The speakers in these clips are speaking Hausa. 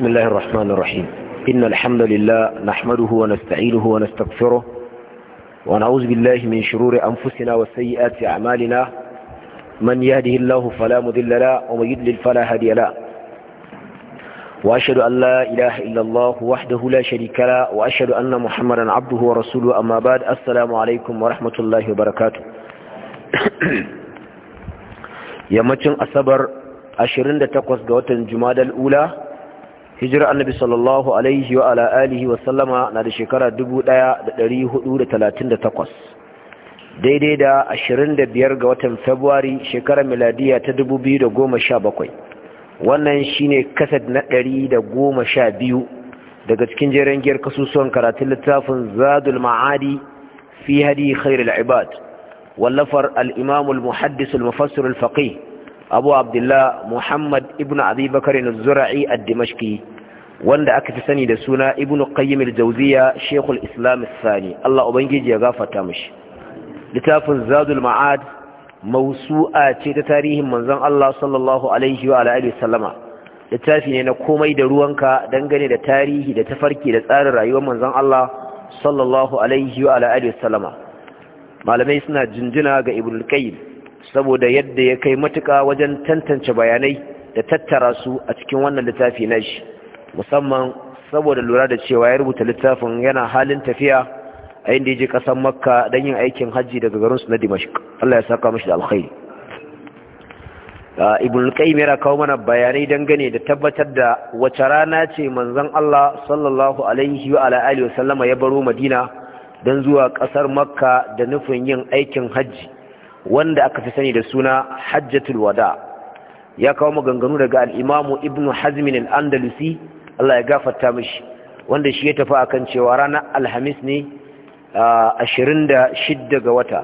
بسم الله الرحمن الرحيم إن الحمد لله نحمده ونستعينه ونستغفره ونعوذ بالله من شرور أنفسنا وسيئات أعمالنا من يهده الله فلا مذل له ومن يضلل فلا هادي له وأشهد أن لا إله إلا الله وحده لا شريك له وأشهد أن محمدا عبده ورسوله أما بعد السلام عليكم ورحمة الله وبركاته متن asabar 28 ga watan jumadal الأولى hijira annabi sallallahu alaihi wa ala alihi wa sallama na da shekara 1438 daidai da ashirin da 25 ga watan february shekarar miladiya ta da sha 2017 wannan shine kasad na da goma sha biyu daga cikin jeren giyar kasusuwan karatun littafin zadul ma'adi fi hadi khairul ibad wallafar al imamul muhaddis al-mufassir al-faqih abu abdullah muhammad ibn abi bakarin zura'i a dimashki wanda aka fi sani da suna ibn qayyim al-jawziya shekul islam sani allah ubangiji ya gafarta mashi littafin zadul ma'ad mausu'a ce ta tarihin manzon allah sallallahu alaihi wa alihi littafi ne na komai da ruwanka dangane da tarihi da tafarki da tsarin rayuwar manzon allah sallallahu alaihi wa alihi malamai suna jinjina ga ibn qayyim saboda yadda ya kai matuka wajen tantance bayanai da tattara su a cikin wannan littafi na shi musamman saboda lura da cewa ya rubuta littafin yana halin tafiya a inda ya je ƙasar makka don yin aikin hajji daga garinsu na dimashik allah ya saka mashi da alkhairi ah, ibn qayyim yana kawo mana bayanai dangane da tabbatar da wace rana ce manzon Allah sallallahu alaihi wa ala wa sallama ya baro Madina don zuwa kasar Makka da nufin yin aikin hajji. wanda aka fi sani da suna hajjatul wada ya kawo maganganu daga al'imamu ibn hazmin al'andalusi Allah ya gafarta mashi wanda shi ya tafi akan cewa ranar alhamis ne ashirin da shidda ga wata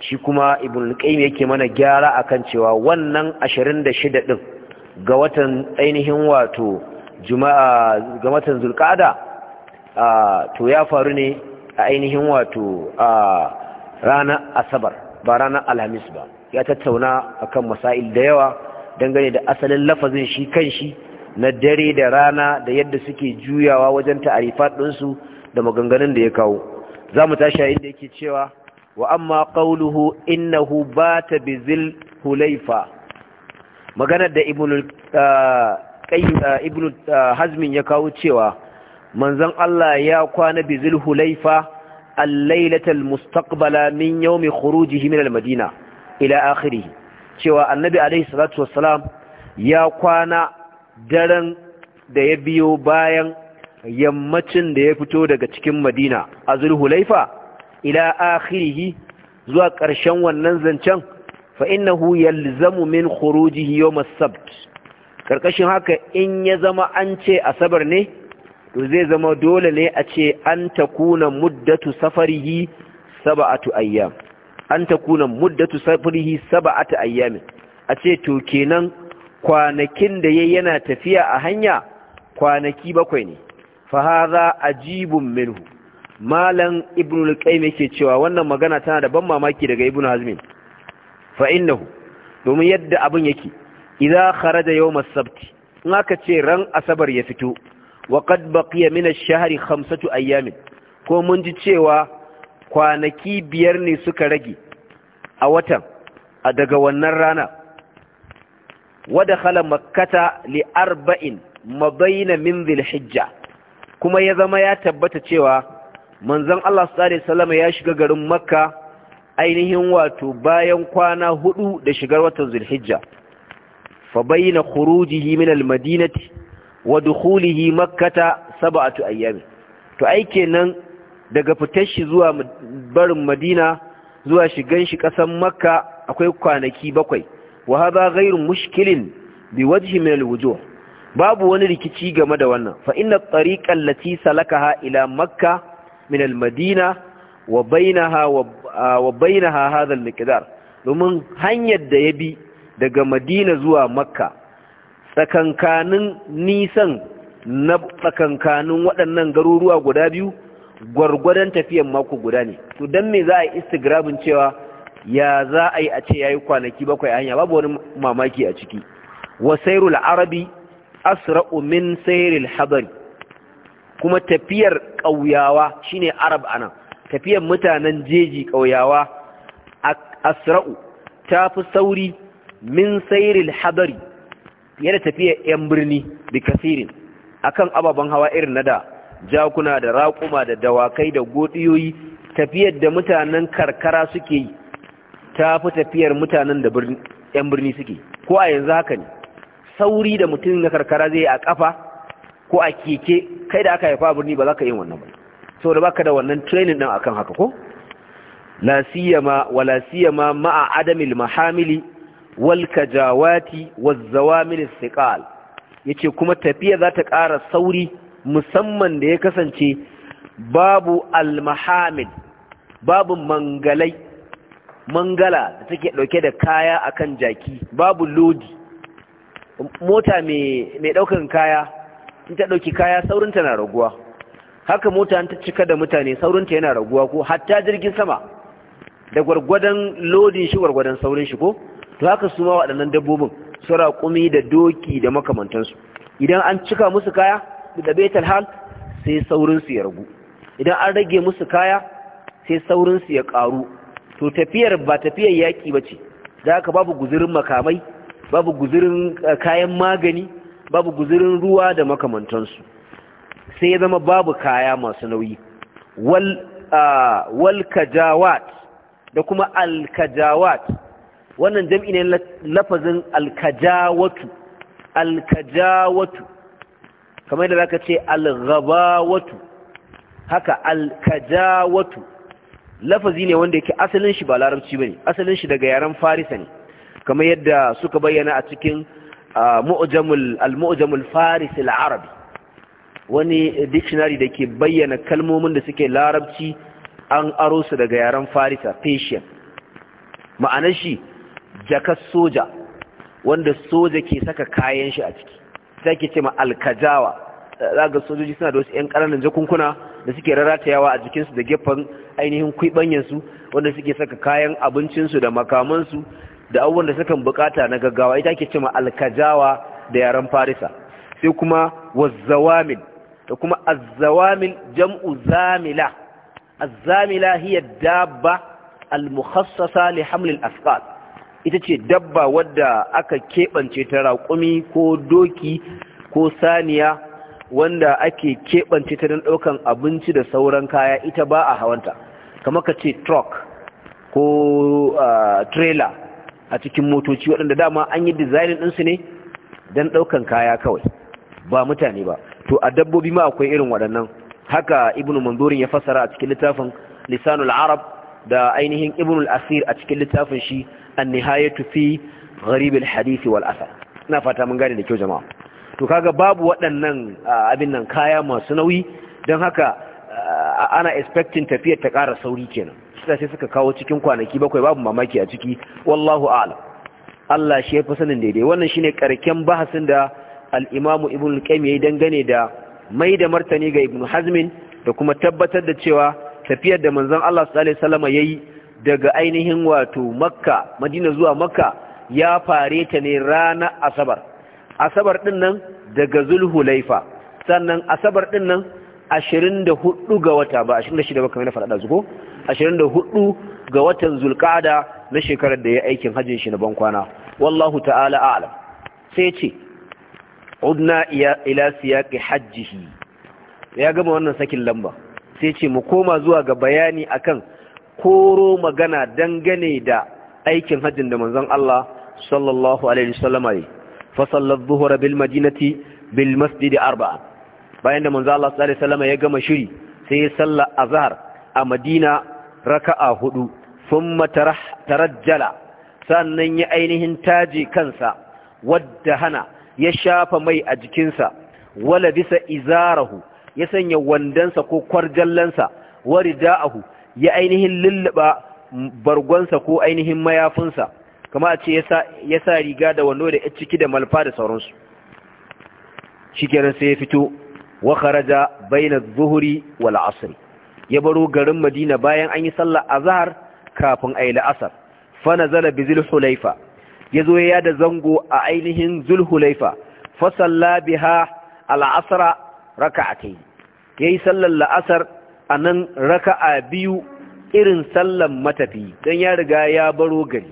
shi kuma ibn qayyim yake mana gyara akan cewa wannan ashirin da shida ɗin ga watan ainihin wato juma'a ga watan to ya faru ne a ainihin wato ranar asabar ba ranar alhamis ba ya tattauna a kan masail da yawa dangane da asalin lafazin shi kan shi na dare da rana da yadda suke juyawa wajen ta'arifa ɗinsu da maganganun da ya kawo za mu tashi a inda yake cewa wa amma qawluhu innahu bata bizil hulaifa maganar da ibnu eh, eh, ibnu eh, hazmin ya kawo cewa manzon Allah ya kwana bizil hulaifa allailatal mustaqbala min yaumi khurujihi min almadina ila akhirih cewa annabi alaihi salatu wassalam ya kwana daren da ya biyo bayan yammacin da ya fito daga cikin madina a zulhulaifa ila akhirih zuwa ƙarshen wannan zancen fa innahu yalzamu min khurujihi yawm sabt Ƙarƙashin haka in ya zama an ce asabar ne to zai zama dole ne a ce an kuna muddatu safarihi sab'atu ayyam an kuna muddatu safarihi ayyam a ce to kenan kwanakin da yayi yana tafiya a hanya kwanaki bakwai ne fa hadha ajibun minhu malam ibnu al-qayyim yake cewa wannan magana tana da ban mamaki daga ibnu hazm fa innahu domin yadda abin yake idza kharaja yawm as-sabt in aka ce ran asabar ya fito Waƙad qad mina shahari ash-shahri ayyamin ko mun ji cewa kwanaki biyar ne suka rage a watan a daga wannan rana wadakhala makkata li arba'in mabayna min dhil hijja kuma ya zama ya tabbata cewa manzon Allah sallallahu alaihi ya shiga garin makka ainihin wato bayan kwana hudu da shigar watan zulhijja fa bayyana khurujihi min madinati wa dukhulihi makkata sab'atu ayyami to ai kenan daga fitar shi zuwa barin madina zuwa shigan shi kasan makka akwai kwanaki bakwai wa hadha ghairu mushkilin bi wajhi min alwujuh babu wani rikici game da wannan fa inna tariqan lati salakaha ila makka min almadina wa bainaha wa bainaha hadha almiqdar domin hanyar da ya bi daga madina zuwa makka tsakankanin nisan na tsakankanin waɗannan garuruwa guda biyu gwargwadon tafiyan mako guda ne to don me za a yi istigrabin cewa ya za a yi a ce ya yi kwanaki bakwai a hanya babu wani mamaki a ciki wasairul arabi asra'u min sairil habari kuma tafiyar ƙauyawa shine arab anan tafiyar mutanen jeji ƙauyawa asra'u ta fi sauri min sairil habari fiye da tafiya 'yan birni da kasirin akan ababen hawa irin na da jakuna da raƙuma da dawakai da godiyoyi tafiyar da mutanen karkara suke yi ta fi tafiyar mutanen da 'yan birni suke ko a yanzu haka ne sauri da mutum na karkara zai a ƙafa ko a keke kai da aka haifa birni ba za ka yi wannan ba da baka da wannan training din akan haka ko la siyama wala siyama ma'a adamil mahamili wal kajawati waz istiqal yace kuma tafiya za ta ƙara sauri musamman da ya kasance babu almahamid babu mangalai mangala da take dauke da kaya akan jaki babu lodi mota mai daukan kaya in ta dauki kaya saurinta na raguwa haka mota ta cika da mutane saurinta yana raguwa ko hatta jirgin sama da gwargwadon lodin shi gwargwadon saurin shi ko to haka su ma waɗannan dabbobin su raƙumi da doki da makamantansu idan an cika musu kaya da betal hal sai saurinsu ya ragu idan an rage musu kaya sai saurinsu ya ƙaru to tafiyar ba tafiyar yaƙi ba ce Za ka babu guzurin makamai babu guzurin eh, kayan magani babu guzurin ruwa da makamantansu sai ya zama babu kaya masu nauyi wal ah, kajawat da kuma alkajawat wannan jam'i ne lafazin alkajawatu alkajawatu kamar da zaka ce alghabawatu haka alkajawatu lafazi ne wanda yake asalin shi ba larabci ne asalin shi daga yaren farisa ne kamar yadda suka bayyana a cikin al-mu'jamul faris al-arabi wani dictionary da ke bayyana kalmomin da suke larabci an aro su daga yaren farisa persian ma'anar shi jakar soja wanda soja ke saka kayan shi a ciki sai ke ce ma alkajawa za ga sojoji suna da wasu 'yan ƙananan jakunkuna da suke yawa a jikinsu da gefen ainihin kwibanyansu wanda suke saka kayan abincinsu da makamansu da abubuwan da suka bukata na gaggawa ita ke ma alkajawa da yaren farisa sai kuma wazzawamin da kuma azzawamin jam'u zamila azzamila hiya dabba almukhassasa li hamlil asqal ita ce dabba wadda aka keɓance ta raƙumi ko doki ko saniya wanda ake keɓance ta don ɗaukan abinci da sauran kaya ita ba a hawanta kamar ka ce truck ko trailer a cikin motoci waɗanda dama an yi dizainin ɗinsu ne don ɗaukan kaya kawai ba mutane ba to a dabbobi ma akwai irin waɗannan haka Ibn mandurin ya fassara a cikin littafin lisanul arab da ainihin Ibn al-asir a cikin littafin shi an-nihayatu fi gharib al-hadith wal ina fata mun gane da kyau jama'a to kaga babu waɗannan ah, abin nan kaya masu nauyi don haka ah, ana expecting tafiyar ta ƙara sauri kenan suka sai suka kawo cikin kwanaki bakwai babu mamaki a ciki wallahu a'lam Allah shi ya fi sanin daidai wannan shine karken bahasin da al-Imam Ibn al-Qayyim yayi dangane da mai da martani ga Ibn Hazm da kuma tabbatar da cewa tafiyar da manzon Allah sallallahu alaihi wasallam yayi daga ainihin wato makka madina zuwa makka ya fare ta ne rana asabar asabar din nan daga zulhulaifa sannan asabar din nan 24 ga wata ba 26 ba kamar na faɗaɗa zuko 24 ga watan zulkada na shekarar da ya aikin hajjin shi na bankwana wallahu ta'ala a'lam sai ce udna ila siyaqi hajjihi ya gama wannan sakin lamba sai ce mu koma zuwa ga bayani akan koro magana dangane da aikin hajjin da manzon Allah sallallahu alaihi wasallama yi fa sallat dhuhra bil madinati bil masjid arba'a bayan da manzon Allah sallallahu alaihi wasallama ya gama shiri sai ya salla azhar a Madina raka'a hudu thumma tarajjala sannan ya ainihin taji kansa wadda hana ya shafa mai a jikinsa wala bisa izarahu ya sanya wandansa ko kwarjallansa wa rida'ahu ya ainihin lullaba bargonsa ko ainihin mayafinsa kama a ce ya sa riga da wando da ciki da malfa da sauransu shi kenan sai ya fito wa kharaja baina zuhuri wal asr ya baro garin madina bayan an yi sallar azhar kafin ayi la'asar fa nazala bi zulhulaifa yazo ya da zango a ainihin zulhulaifa fa salla biha al asra rak'atayn yayi sallar la'asar a nan raka a biyu irin sallan matafi don ya riga ya baro gari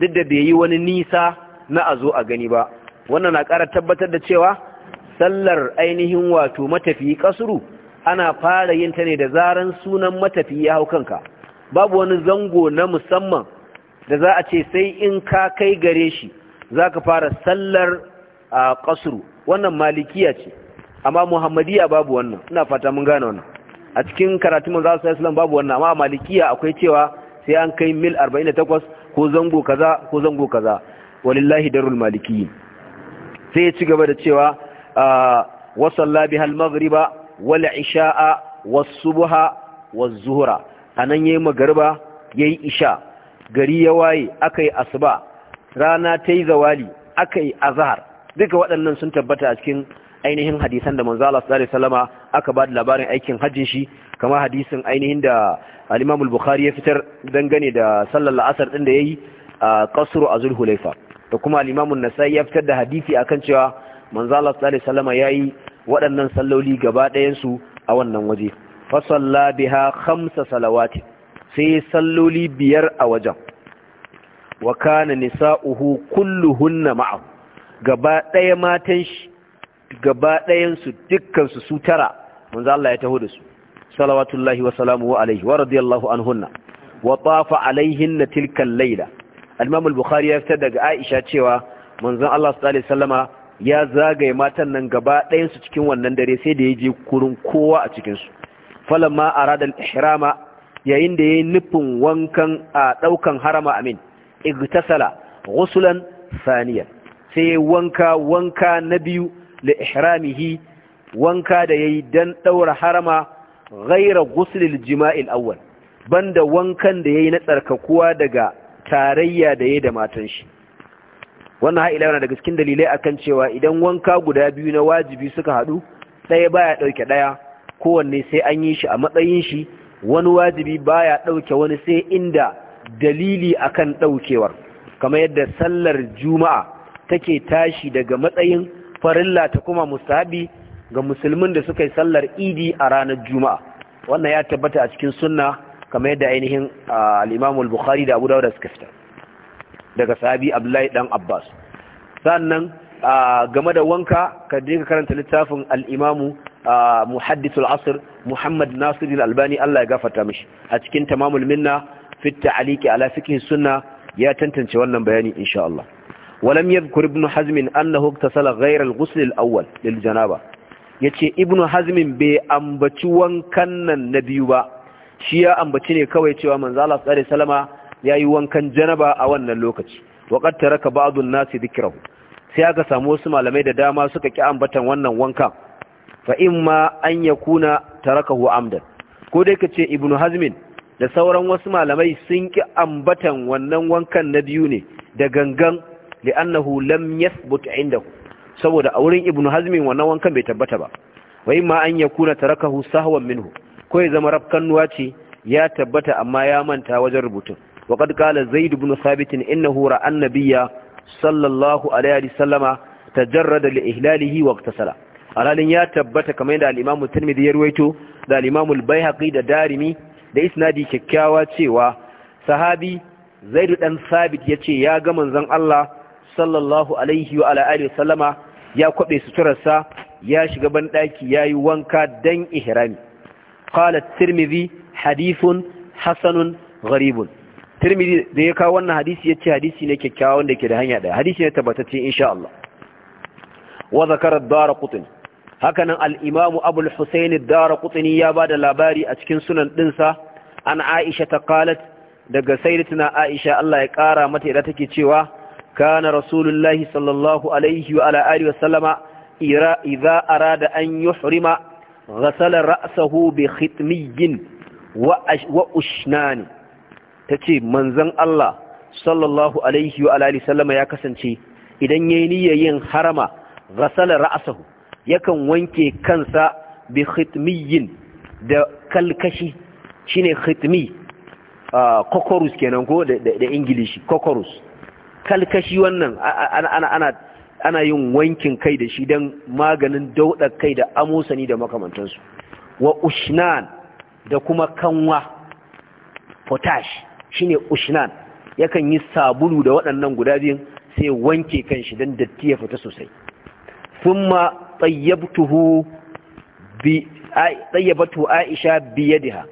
duk da bai yi wani nisa na a zo a gani ba wannan na ƙara tabbatar da cewa sallar ainihin wato matafi kasuru ana fara yin ta ne da zaran sunan matafi ya hau kanka babu wani zango na musamman da za a ce sai in ka kai gare shi za ka fara sallar a kasuru wannan malikiya ce amma muhammadiya babu wannan ina fata mun gane wannan a cikin karatun manzo sallallahu alaihi wasallam babu wannan amma malikiya akwai cewa sai an kai mil 48 ko zango kaza ko zango kaza walillahi darul malikiyin sai ci gaba da cewa ah, wa salla hal maghriba wal isha'a was subha was zuhra anan yayi magriba yayi isha gari ya waye akai asuba rana tayi zawali akai azhar duka waɗannan sun tabbata a cikin ainihin hadisan da manzo Allah sallallahu alaihi wasallama aka ba da labarin aikin hajjin shi kamar hadisin ainihin da al-Imam al-Bukhari ya fitar dangane da sallar la'asar din da yayi a qasr azul hulaifa da kuma al-Imam an-Nasa'i ya fitar da hadisi akan cewa manzo Allah sallallahu alaihi wasallama yayi waɗannan salloli gaba ɗayan su a wannan waje fa salla biha khamsa salawati sai salloli biyar a wajen wa kana nisa'uhu kulluhunna ma'a gaba ɗaya matan shi gaba ɗayansu dukkansu su tara Wanzu Allah ya taho da su salawatullahi wa salamuhu alaihi wa radiyallahu hunna. wa tafa alaihinna na al-laila al-imam al-bukhari ya fitar daga Aisha cewa manzon Allah sallallahu alaihi wasallama ya zagaye matan nan gaba ɗayansu cikin wannan dare sai da ya je kurin kowa a cikin su falamma arada al-ihrama yayin da yayi nufin wankan a daukan harama amin igtasala ghusulan saniyan sai wanka wanka na biyu li ihramihi wanka da yayi dan daura harama ghaira ghuslil jima'il awwal banda wankan da yayi na tsarkakuwa daga tarayya da yayi da matan shi wannan ha'ila yana daga cikin dalilai akan cewa idan wanka guda biyu na wajibi suka hadu ɗaya baya ɗauke ɗaya kowanne sai an yi shi a matsayin shi wani wajibi baya ɗauke wani sai inda dalili akan ɗaukewar kamar yadda sallar juma'a take tashi daga matsayin farilla ta kuma musabi ga musulmin da suka yi sallar idi a ranar juma'a wannan ya tabbata a cikin sunna kamar yadda ainihin al'imamul bukhari da abu dawuda suka fita daga sahabi abdullahi dan abbas sannan game da wanka ka dinga karanta littafin al'imamu muhaddis asr muhammad nasir albani Allah ya gafarta mishi a cikin tamamul minna fi aliki taliqi ala fiqh sunna ya tantance wannan bayani insha Allah ولم يذكر ابن حزم أنه اغتسل غير الغسل الأول للجنابة yace ibnu hazmin bai ambaci wankan nan na biyu ba shi ya ambaci ne kawai cewa manzo Allah sallallahu alaihi wasallama yayi wankan janaba a wannan lokaci wa Taraka taraka ba'dun nasi dhikrahu sai aka samu wasu malamai da dama suka ki ambatan wannan wankan fa imma an yakuna tarakahu amdan ko dai kace ibnu hazmin da sauran wasu malamai sun ki ambatan wannan wankan na biyu ne da gangan li'annahu lam yathbut indahu saboda a wurin ibnu hazmin wannan wankan bai tabbata ba wa imma an yakuna tarakahu sahwan minhu ko ya zama rafkan ce ya tabbata amma ya manta wajen rubutun wa qad qala zaid ibn thabit innahu ra'a annabiyya sallallahu alaihi wasallama tajarrada li ihlalihi wa iktasala alalin ya tabbata kamar da al-imam at-tirmidhi ya ruwaito da al-imam al-baihaqi da darimi da isnadi kyakkyawa cewa sahabi zaid dan thabit yace ya ga manzon Allah sallallahu alaihi wa ala alihi sallama ya kwabe suturarsa ya shiga banɗaki ya yi wanka dan ihrami qala tirmidhi hadithun hasanun gharibun tirmidhi da ya kawo wannan hadisi yace hadisi ne kyakkyawa wanda ke da hanya ɗaya. hadisi ne tabbatacce insha Allah wa zakara ad-darqutni hakanan al-imamu abul husayn ad-darqutni ya bada labari a cikin sunan dinsa an aisha ta qalat daga sayyidatina aisha Allah ya ƙara mata da take cewa كان رسول الله صلى الله عليه وعلى آله وسلم إذا أراد أن يحرم غسل رأسه بختمي وأشنان تتي منزن الله صلى الله عليه وعلى آله وسلم يا idan yayi niyyayin harama ghasala ra'sahu yakan wanke kansa bi da kalkashi shine khitmi kokorus kenan ko da ingilishi kokorus kalkashi wannan ana yin wankin kai da shi don maganin daudar kai da amosani da makamantansu wa ushnan da kuma kanwa potash shi ne ushnan yakan yi sabulu da waɗannan guda biyun sai wanke kan shi don datti ya fita sosai thumma tayyabtuhu bi biyar aisha biyadiha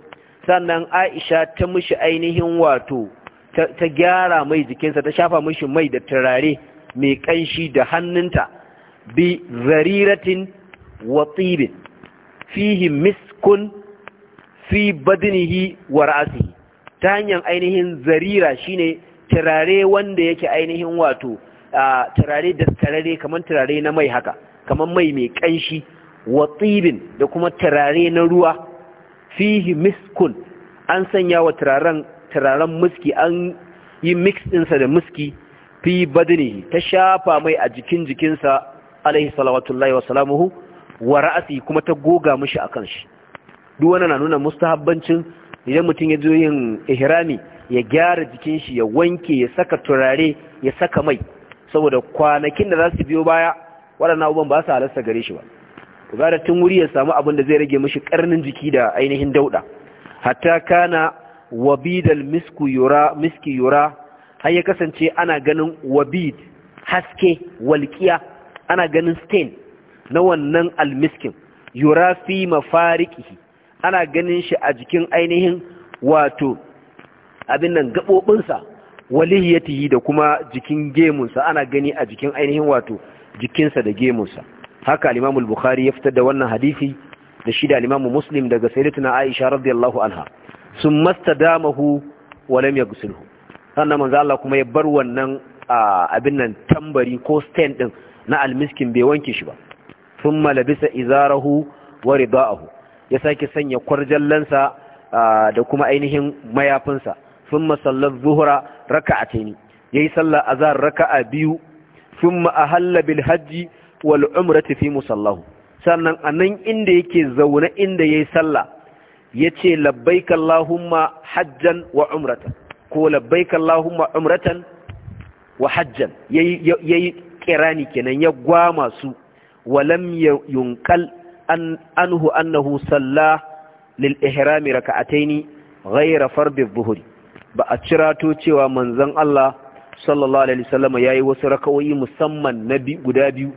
sannan aisha ta mishi ainihin wato ta gyara mai jikinsa ta shafa mishi mai da turare mai kanshi da hannunta bi zariratin wa tsibin fihi miskun fi badinihi wa ra'asihi ta hanyar ainihin zarira shine turare wanda yake ainihin wato turare da turare kamar turare na mai haka kamar mai mai kanshi wa tsibin da kuma turare na ruwa fihi miskun an sanya wa turaren turaren muski an yi mix ɗinsa da muski fi badini ta shafa mai a jikin jikinsa alaihi salawatullahi wa salamuhu wa ra'asi kuma ta goga mishi a kan shi duk wani na nuna mustahabbancin idan mutum ya zo yin ihrami ya gyara jikin shi ya wanke ya saka turare ya saka mai saboda kwanakin da za su biyo baya waɗannan abubuwan ba su halasta gare shi ba gara tun wuri ya samu abin da zai rage mishi karnin jiki da ainihin dauɗa hatta kana wabidal misku miski yura har ya kasance ana ganin wabid haske walƙiya ana ganin stain na wannan almiskin yura fi ana ganin shi a jikin ainihin wato abin nan gaɓoɓinsa, walihiyatihi da kuma jikin gemunsa ana gani a jikin ainihin wato jikinsa da gemunsa haka al-Imam bukhari ya fitar da wannan hadisi da shi da al-Imam Muslim daga Sayyidatuna Aisha radiyallahu anha sun masta damahu walam ya gusulhu sannan manzo Allah kuma ya bar wannan abin nan tambari ko stand din na almiskin bai wanke shi ba thumma labisa izarahu wa ridaahu ya sake sanya kwarjallansa da kuma ainihin mayafinsa thumma sallar zuhra raka'ataini yayi sallar azhar raka'a biyu thumma ahalla bil hajji wal umrati fi musallahu sannan anan inda yake zauna inda yayi sallah ya ce labbaika Allahumma hajjan wa umratan ko umratan wa hajjan yayi kirani kenan ya gwama su walam yunkal an anhu annahu salla lil ihrami raka'ataini ghayra fardi dhuhri ba a cirato cewa manzon Allah sallallahu alaihi wasallam yayi wasu raka'o'i musamman na guda biyu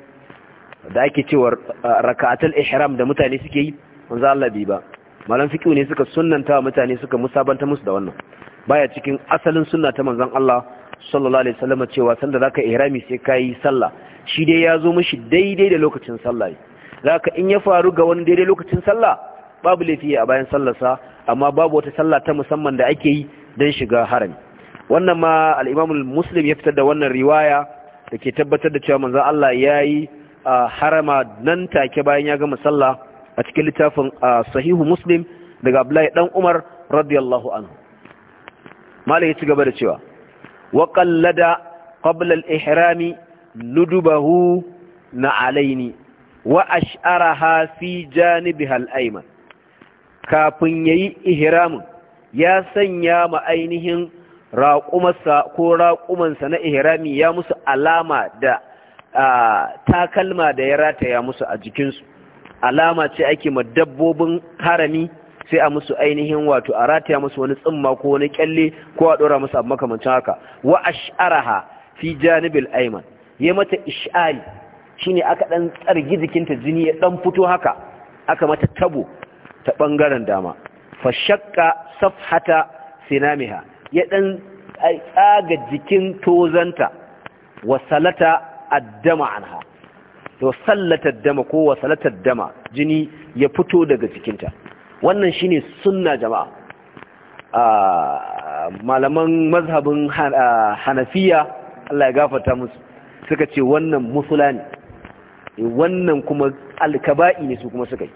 da ake cewa raka'atul ihram da mutane suke yi manzon Allah ba malan fiqh ne suka sunnanta mutane suka musabanta musu da wannan baya cikin asalin sunna ta manzon Allah sallallahu alaihi wasallam cewa sanda zaka ihrami sai kai sallah shi dai ya zo mishi daidai da lokacin sallah zaka in ya faru ga wani daidai lokacin sallah babu laifi a bayan sa amma babu wata sallah ta musamman da ake yi dan shiga harami wannan ma al-Imam muslim ya fitar da wannan riwaya da ke tabbatar da cewa manzon Allah yayi ah, harama nan take bayan ya gama sallah a cikin littafin sahihu muslim daga abdullahi dan umar radiyallahu anhu malai ya ci gaba da cewa wa qallada qabla al-ihrami nudubahu alaini wa ash'araha fi janibiha al-ayman kafin yayi ihramin ya sanya ma ainihin raqumarsa ko raƙumansa na ihrami ya musu alama da takalma da ya rataya musu a jikinsu alama ce ake ma dabbobin harami sai a musu ainihin wato a rataya musu wani tsimma ko wani kyalle ko a dora musu abu makamancin haka wa ash'araha fi janibil ayman ya mata ish'ari shine aka dan tsargi jikinta jini ya dan fito haka aka mata tabo ta bangaren dama fa shakka safhata sinamiha ya dan tsaga jikin tozanta wasalata addama anha to sallatar dama ko wa dama jini ya fito daga cikinta wannan shine sunna jama'a malaman mazhabin hanafiya Allah ya gafarta musu suka ce wannan musula ne eh, wannan kuma alkaba'i ne su kuma suka yi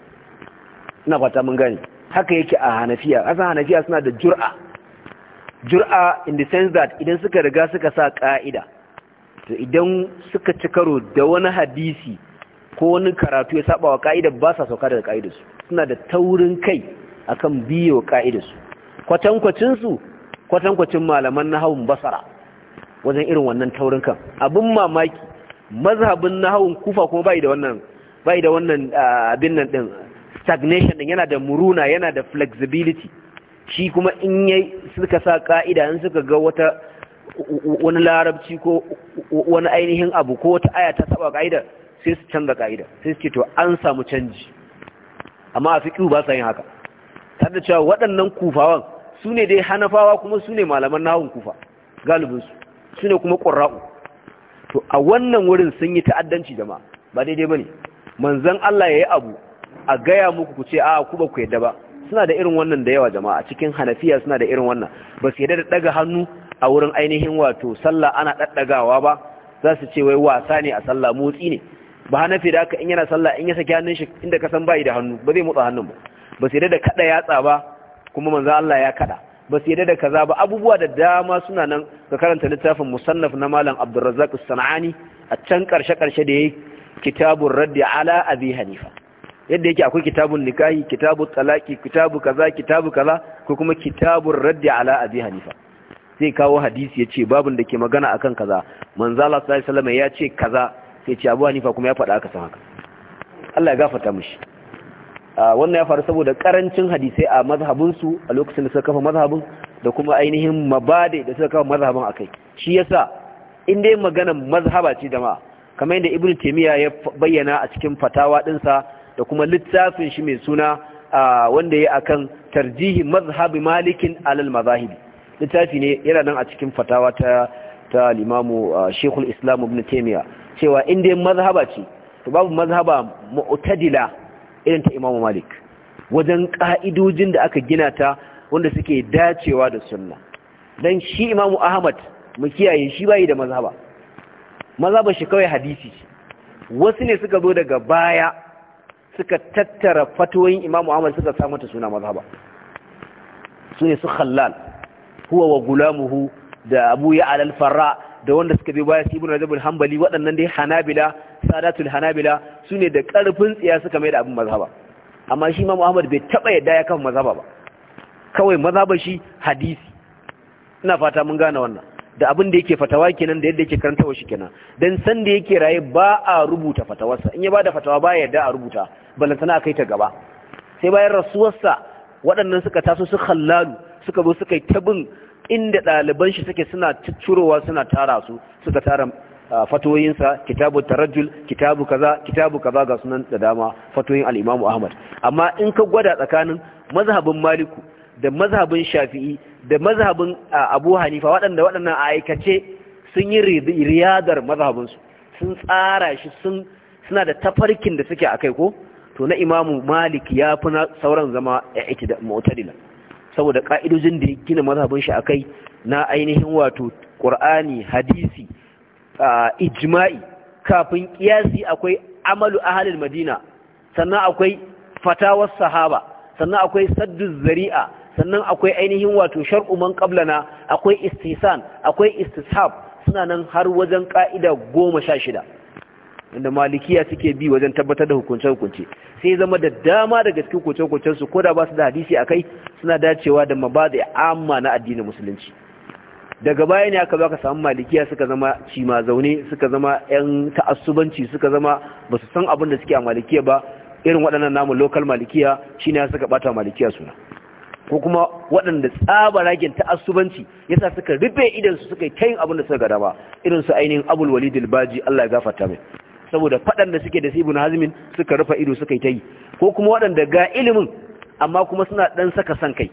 ina fata mun gani. haka yake a hanafiya asan hanafiya suna da jur'a jur'a in the sense that idan suka riga suka sa ka'ida to idan suka ci karo da wani hadisi ko wani karatu ya saba wa ka'idar ba sa sauka daga ka'idarsu suna da taurin kai akan biye wa ka'idarsu kwatankwacinsu kwatankwacin malaman na hawan basara wajen irin wannan taurin kan abin mamaki mazhabin hawan kufa kuma bai da wannan bai da wannan abin nan din stagnation din yana da muruna yana da flexibility shi kuma in yayi suka sa ka'ida in suka ga wata wani larabci ko wani ainihin abu ko wata aya ta saba ka'ida sai su canza ka'ida sai su ce to an samu canji amma a fiƙi ba sa yin haka tare da cewa waɗannan kufawan su ne dai hanafawa kuma su ne malaman nahun kufa galibinsu su ne kuma ƙura'u to a wannan wurin sun yi ta'addanci jama'a ba daidai ba ne manzan Allah ya yi abu a gaya muku ku ce a ku ba ku yadda ba suna da irin wannan da yawa jama'a cikin hanafiya suna da irin wannan ba su yadda da ɗaga hannu a wurin ainihin wato sallah ana daddagawa ba za su ce wai wasa ne a sallah motsi ne ba hanafi da aka in yana sallah in ya saki hannun shi inda ka san bai da hannu ba zai motsa hannun ba ba sai da kada yatsa ba kuma manzo Allah ya kada ba sai da kaza ba abubuwa da dama suna nan ka karanta littafin musannaf na malam Abdurrazzaq As-Sanani a can karshe karshe da yayi kitabun raddi ala abi hanifa yadda yake akwai kitabun nikahi kitabun talaki kitabu kaza kitabu kaza ko kuma kitabun raddi ala abi hanifa sai kawo hadisi ya ce babin da ke magana akan kaza Manzala sallallahu alaihi wasallam ya ce kaza sai ce Abu Hanifa kuma ya faɗa aka san haka Allah ya gafarta mishi wannan ya faru saboda karancin hadisai a mazhabin a lokacin da suka kafa mazhabin da kuma ainihin mabade da suka kafa mazhabin akai shi yasa in dai magana mazhaba ce jama'a kamar yadda ibnu taymiya ya bayyana a cikin fatawa dinsa da kuma littafin shi mai suna wanda ya akan tarjihi mazhabi malikin alal mazahibi littafi ne yana nan a cikin fatawa ta ta limamu shekul islamu ibn taimiyya cewa inda mazhaba ce to babu mazhaba mu'tadila irin ta imamu malik wajen ka'idojin da aka gina ta wanda suke dacewa da sunna dan shi imamu ahmad mu kiyaye shi bai da mazhaba mazhaba shi kawai hadisi wasu ne suka zo daga baya suka tattara fatoyin imamu ahmad suka sa mata suna mazhaba su ne su khallal huwa wa gulamuhu da abu ya alal farra da wanda suka bi baya ibn rajab al-hanbali waɗannan dai hanabila sadatul hanabila sune da karfin tsiya suka mai da abin mazhaba amma shi ma muhammad bai taba yadda ya kafa mazhaba ba kawai mazhaba shi hadisi ina fata mun gane wannan da abin da yake fatawa kenan da yadda yake karantawa shi kenan dan san da yake raye ba a rubuta fatawarsa in ya bada fatawa ba yadda a rubuta balantana kai ta gaba sai bayan rasuwarsa waɗannan suka taso su khallalu suka zo suka yi tabin inda ɗaliban shi suke suna curowa suna tara su suka tara fatoyinsa kitabu tarajul kitabu kaza kitabu kaza ga sunan da dama fatoyin al Ahmad amma in ka gwada tsakanin mazhabin Maliku da mazhabin Shafi'i da mazhabin Abu Hanifa waɗanda waɗannan a aikace sun yi riyadar mazhabinsu sun tsara shi sun suna da tafarkin da suke a kai ko to na imamu Malik ya fi sauran zama ya mu'tadila saboda ƙa'idojin da ya gina mazhabin shi akai na ainihin wato ƙur'ani hadisi ijma'i kafin ƙiyasi akwai amalu halin madina sannan akwai fatawar sahaba sannan akwai saddu zari'a sannan akwai ainihin wato shar'u man qablana akwai istisan akwai istishab suna nan har wajen ƙa'ida goma sha shida da malikiya suke bi wajen tabbatar da hukunce-hukunce sai zama da dama daga cikin hukunce-hukuncensu ko da ba su da hadisi a kai suna dacewa da mabazi amma na addinin musulunci daga baya ne aka zo ka samu malikiya suka zama cima zaune suka zama yan ta'assubanci suka zama ba su san abin da suke a malikiya ba irin waɗannan namun lokal malikiya shine suka bata malikiya suna ko kuma waɗanda tsaba ragin ta'assubanci yasa suka rufe idan su suka yi ta yin abin da suka gada ba irin su ainihin abul walid baji Allah ya gafarta mai saboda faɗan da suke da sibu na suka rufa ido suka yi ta yi ko kuma waɗanda ga ilimin amma kuma suna ɗan saka san kai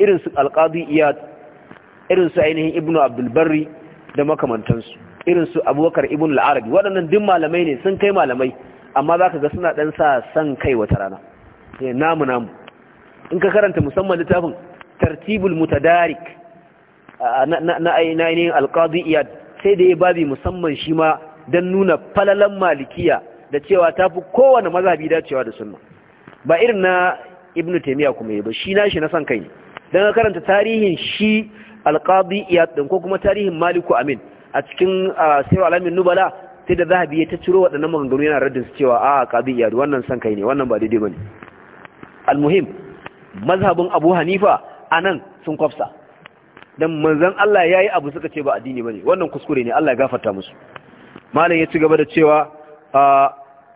irin su alƙadu iyad irin ainihin ibnu abdulbarri da makamantansu irin abubakar ibn La'arabi. waɗannan duk malamai ne sun kai malamai amma za ka ga suna ɗan sa san kai wata rana eh, namu namu in ka karanta musamman littafin tartibul mutadarik na ainihin alƙadu iyad sai da ya babi musamman shi ma don nuna falalan malikiya da cewa ta fi kowane mazhabi dacewa da sunna ba irin na ibnu taimiyya kuma yi ba shi nashi na son kai ne don karanta tarihin shi alƙadi iyad ɗin ko kuma tarihin maliku amin a cikin sai alamin nubala sai da zahabi ya ta ciro waɗannan maganganu yana raddin su cewa a ƙadi iyad wannan son kai ne wannan ba daidai ba ne almuhim mazhabin abu hanifa a nan sun kwafsa don manzan allah ya yi abu suka ce ba addini ba ne wannan kuskure ne allah ya gafarta musu malam ya ci gaba da cewa ah,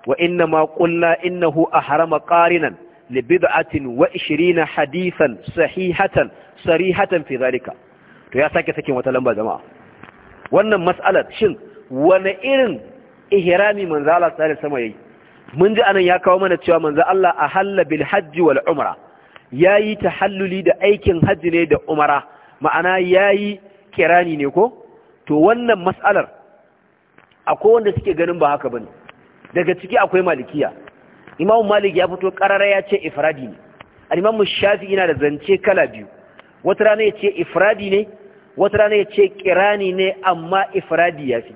wa inna ma qulna innahu ahrama qarinan li bid'atin wa 20 hadithan sahihatan sarihatan fi zalika to ya sake sakin wata lamba jama'a wannan mas'alar shin wani irin ihrami manzo Allah sallallahu alaihi wasallam yayi mun ji anan ya kawo mana cewa manzo Allah ahalla bil hajji wal umra yayi tahalluli da aikin hajji ne da umara ma'ana yayi kirani ne ko to wannan mas'alar akwai wanda suke ganin ba haka bane daga ciki akwai malikiya imamu malik ya fito karara ya ce ifradi ne al-imamu shafi'i yana da zance kala biyu wata rana ya ce ifradi ne wata rana ya ce kirani ne amma ifradi ya fi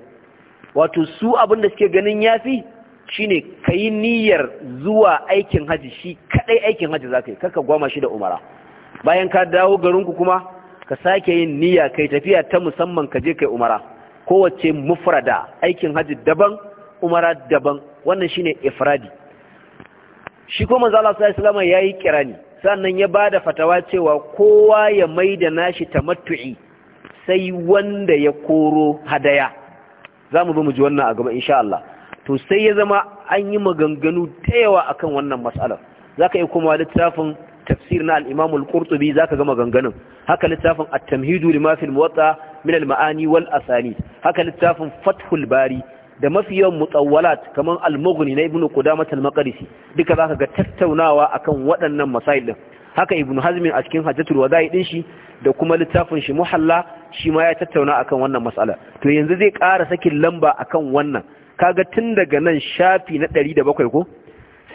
wato su abin da suke ganin ya fi shine ka niyyar zuwa aikin haji shi kadai aikin haji zakai karka gwama shi da umara bayan ka dawo garinku kuma ka sake yin niyya kai tafiya ta musamman ka je kai umara kowace mufrada aikin hajji daban umara daban wannan shine ifradi shi kuma manzo Allah sallallahu alaihi wasallam yayi kirani sannan ya bada fatawa cewa kowa ya maida nashi ta tamattu'i sai wanda ya koro hadaya zamu zo mu ji wannan a gaba insha Allah to sai ya zama an yi maganganu ta yawa akan wannan mas'alar zaka yi kuma littafin tafsir na al-Imam al-Qurtubi zaka ga maganganun haka littafin at-tamhidu lima fil min al-ma'ani wal asani haka littafin fathul bari da mafi yawan mutawwalat kamar al-mughni na ibnu qudamah al-maqdisi duka zaka ga tattaunawa akan waɗannan masail din haka ibnu hazm a cikin hajjatul wada'i din shi da kuma littafin shi muhalla shi ma ya tattauna akan wannan mas'ala to yanzu zai ƙara sakin lamba akan wannan kaga tun daga nan shafi na 107 ko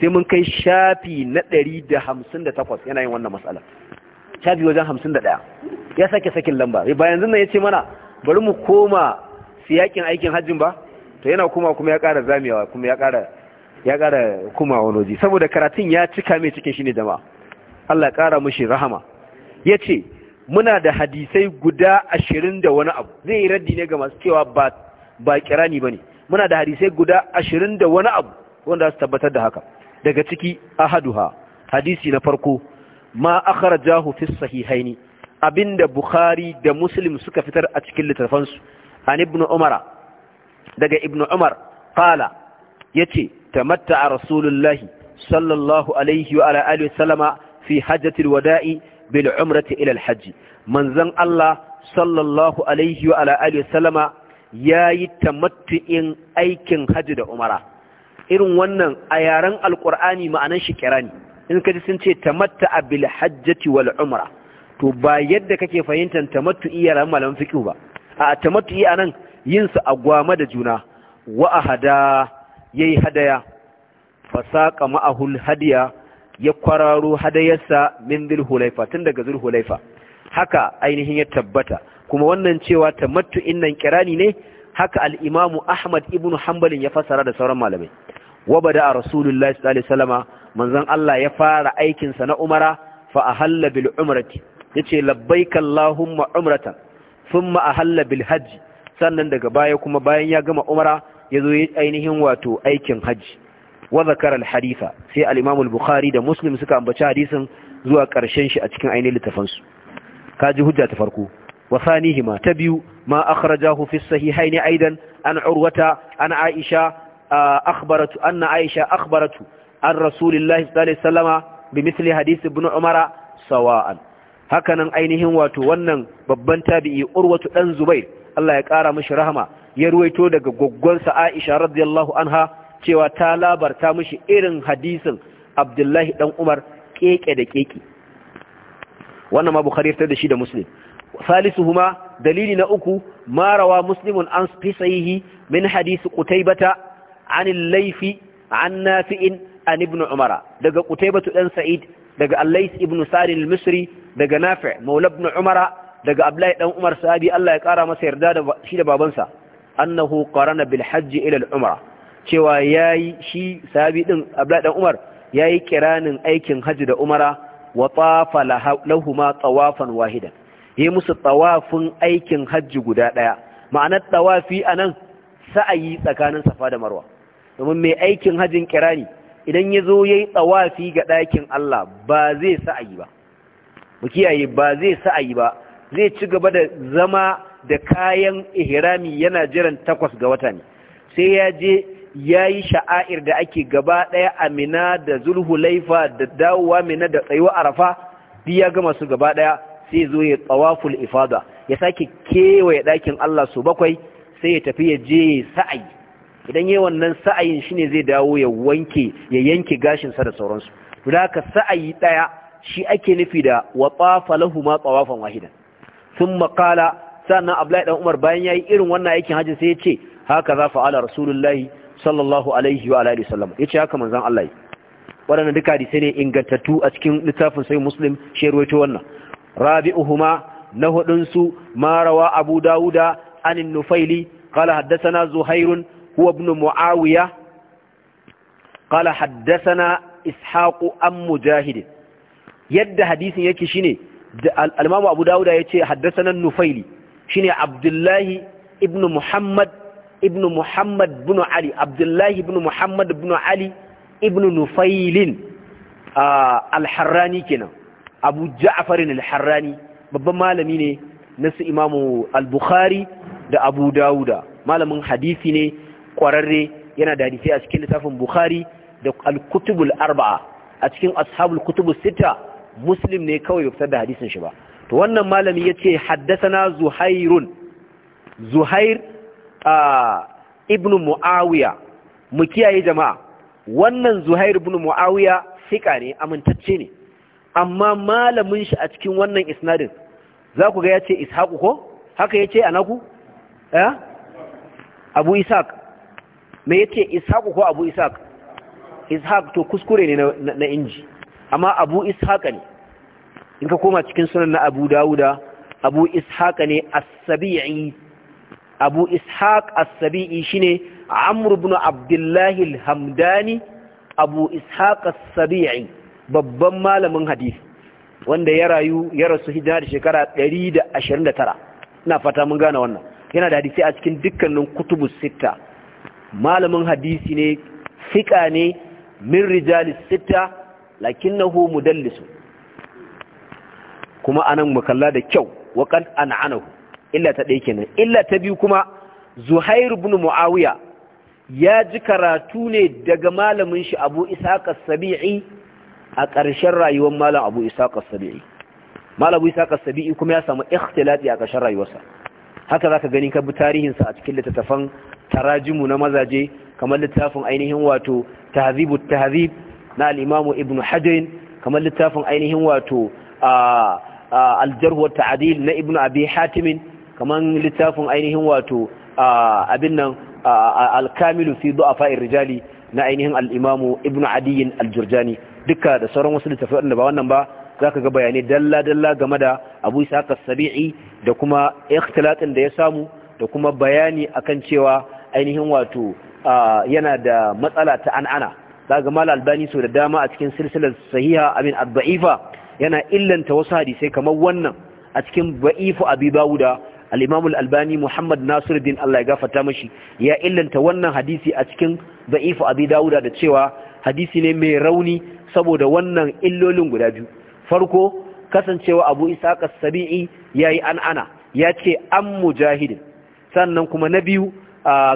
sai mun kai shafi na 158 yana yin wannan mas'ala shafi wajen hamsin da ɗaya ya sake sakin lamba ba yanzu nan ya ce mana bari mu koma siyakin aikin hajjin ba to yana kuma kuma ya ƙara zamiyawa kuma ya ƙara ya ƙara kuma wani waje saboda karatun ya cika mai cikin shi ne jama'a Allah ƙara mushi rahama ya ce muna da hadisai guda ashirin da wani abu zai yi raddi ne ga masu cewa ba ba kirani ba ne muna da hadisai guda ashirin da wani abu wanda su tabbatar da haka daga ciki ahaduha hadisi na farko ma akhrajahu fi sahihaini abinda bukhari da muslim suka fitar a cikin littafansu an ibn umar daga ibn umar qala yace tamatta rasulullahi sallallahu alaihi wa ala alihi sallama fi hajjatil wada'i bil umrati ila al manzan manzon Allah sallallahu alaihi wa ala alihi sallama yayi tamattu'in aikin hajji da umara irin wannan a yaren alqur'ani ma'anar shi kirani in ka ji sun ce tamatta a bilhajjati hajjati wal umra to ba yadda kake fahimtar tamattu iya ran malam ba a tamattu iya nan yin su agwama da juna wa ahada yayi hadaya fasaqa ma'ahul hadiya ya kwararo hadayarsa min dhul hulaifa tun daga dhul hulaifa haka ainihin ya tabbata kuma wannan cewa tamattu innan kirani ne haka Al'imamu Ahmad ibn Hanbal ya fasara da sauran malamai wa bada rasulullahi sallallahu alaihi wasallama manzon Allah ya fara aikinsa na umara fa ahalla bil umrati yace labbaika allahumma umratan thumma ahalla bil hajj sannan daga baya kuma bayan ya gama umara yazo yi ainihin wato aikin hajji wa zakara al haditha sai al imam al bukhari da muslim suka ambaci hadisin zuwa karshen shi a cikin ainihin littafansu kaji hujja ta farko وثانيهما تبيو ما أخرجاه في الصحيحين أيضا عن عروة an عائشة أخبرت أن عائشة أخبرته an rasulillahi sallallahu alaihi wasallama bi misli hadith ibn umara sawa'an hakanan ainihin wato wannan babban tabi'i urwatu dan zubair Allah ya kara mishi rahama ya ruwaito daga goggonsa Aisha radiyallahu anha cewa ta labarta mishi irin hadisin Abdullahi dan Umar keke da keke wannan ma Bukhari ta da shi da Muslim salisuhuma dalili na uku ma rawa muslimun an fi sahihi min hadisi qutaybata an laifi layfi an nafi'in an ibn umara daga qutaybatu dan sa'id daga allais ibn sari al-misri daga nafi' maula ibn umara daga abdullahi dan umar sahabi Allah ya kara masa yarda da shi da babansa annahu qarana bil hajj ila al-umra cewa yayi shi sahabi din abdullahi dan umar yayi kiranin aikin hajji da umara wa tafa lahuma tawafan wahidan yi musu tawafin aikin hajji guda daya ma'anar tawafi anan sa'ayi tsakanin safa da marwa domin mai aikin hajjin kirani idan ya zo ya yi tsawafi ga ɗakin Allah ba zai sa'ayi ba mu kiyaye ba zai sa'ayi ba zai ci gaba da zama da kayan ihrami yana jiran takwas ga wata ne sai ya je ya yi sha'air da ake gaba ɗaya amina da laifa da dawowa mina da tsayuwa arafa Bi ya gama su gaba ɗaya sai zo ya tsawaful ifada ya sake kewaye ɗakin Allah su bakwai sai ya tafi ya je sa'ayi idan yayi wannan sa'ayin shine zai dawo ya wanke ya yanke gashin sa da sauransu to da sa'ayi ɗaya shi ake nufi da wa tafa lahumu wahidan Sun makala sannan Abdullahi dan Umar bayan yayi irin wannan aikin hajji sai ya ce haka za fa'ala rasulullahi sallallahu alaihi wa alihi wasallam yace haka manzan Allah waɗannan duka hadisai ne ingantattu a cikin littafin sai muslim shi ruwaito wannan rabi'uhuma na hudunsu ma rawa abu dawuda anin nufaili qala haddathana zuhairun هو ابن معاوية قال حدثنا إسحاق أم مجاهد يد حديث يكي شيني الإمام أبو داود يتي حدثنا النفيلي شيني عبد الله ابن محمد ابن محمد بن علي عبد الله بن محمد بن علي ابن نفيل آه الحراني كنا أبو جعفر الحراني babban malami ne na su imamu al-bukhari da abu dawuda malamin hadisi ne kwararre yana da hadisi a cikin littafin bukhari da al-kutubul arba'a a cikin ashabul kutubus sita muslim ne kawai ya fitar da hadisin shi ba to wannan malami yace haddathana zuhairun zuhair ibn muawiya mu kiyaye jama'a wannan zuhair ibn muawiya sika ne amintacce ne amma malamin shi a cikin wannan isnadin za ku ga yace ce ishaku ko haka yace ce a naku? Eh? abu ishaq me yake ishaq ko abu ishaq ishaq to kuskure ne na inji amma abu ishaqa ne in ka koma cikin sunan na abu Dawuda, abu ishaqa ne asabi'i sabii abu ishaq asabi'i sabii shine amr ibn Abdullahi al-hamdani abu ishaq asabi'i babban malamin hadisi wanda ya rayu ya rasu hijira da shekara 129 ina fata mun gane wannan yana da hadisi a cikin dukkanin kutubus sita. malamin hadisi ne fiƙa ne min rijalis sita lakinnahu mudallis kuma anan mukalla da kyau wa kan an'anahu illa ta ɗaya kenan illa ta biyu kuma zuhair ibn muawiya ya ji karatu ne daga malamin shi abu Isaka sabii a ƙarshen rayuwar malam abu Isaka sabii malam abu ishaq sabii kuma ya samu ikhtilati a ƙarshen rayuwarsa haka za ka gani ka bi tarihinsa a cikin littattafan tarajimu na mazaje kamar littafin ainihin wato tahzibu tahzib na al-imamu ibnu hajar kamar littafin ainihin wato al-jarh wa ta'dil na ibnu abi hatim kamar littafin ainihin wato abin nan al-kamilu fi du'afa'ir rijali na ainihin al-imamu ibnu adiy al-jurjani duka da sauran wasu littafai wanda ba wannan ba za ka ga bayanai dalla-dalla game da abu isa sabi'i da kuma ikhtilatin da ya samu da kuma bayani akan cewa ainihin wato yana da matsala ta an'ana za ga mala albani sau da dama a cikin silsilar sahiha amin abba'ifa yana illanta wasu hadisai kamar wannan a cikin ba'ifu abi bawuda al albani muhammad din allah ya gafata mashi ya illanta wannan hadisi a cikin ba'ifu abi dawuda da cewa hadisi ne mai rauni saboda wannan illolin guda biyu farko kasancewa abu isa sabi'i ya yi an ya ce an mujahidin sannan kuma na biyu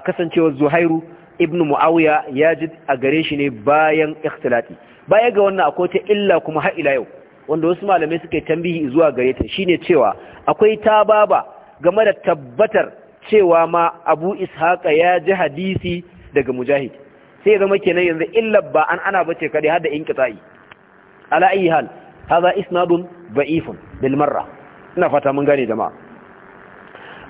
kasancewa zuhairu ibn mu'awiya ya ji a gare shi ne bayan ikhtilati baya ga wannan akwai ta illa kuma har ila yau wanda wasu malamai suke tambihi zuwa gare ta shine cewa akwai tababa game da tabbatar cewa ma abu ishaqa ya ji hadisi daga mujahid sai zama kenan yanzu illa ba an ana bace kade har da inqita'i ala ayyi hal haza isnadun da'ifun bil marra ina fata mun gane jama'a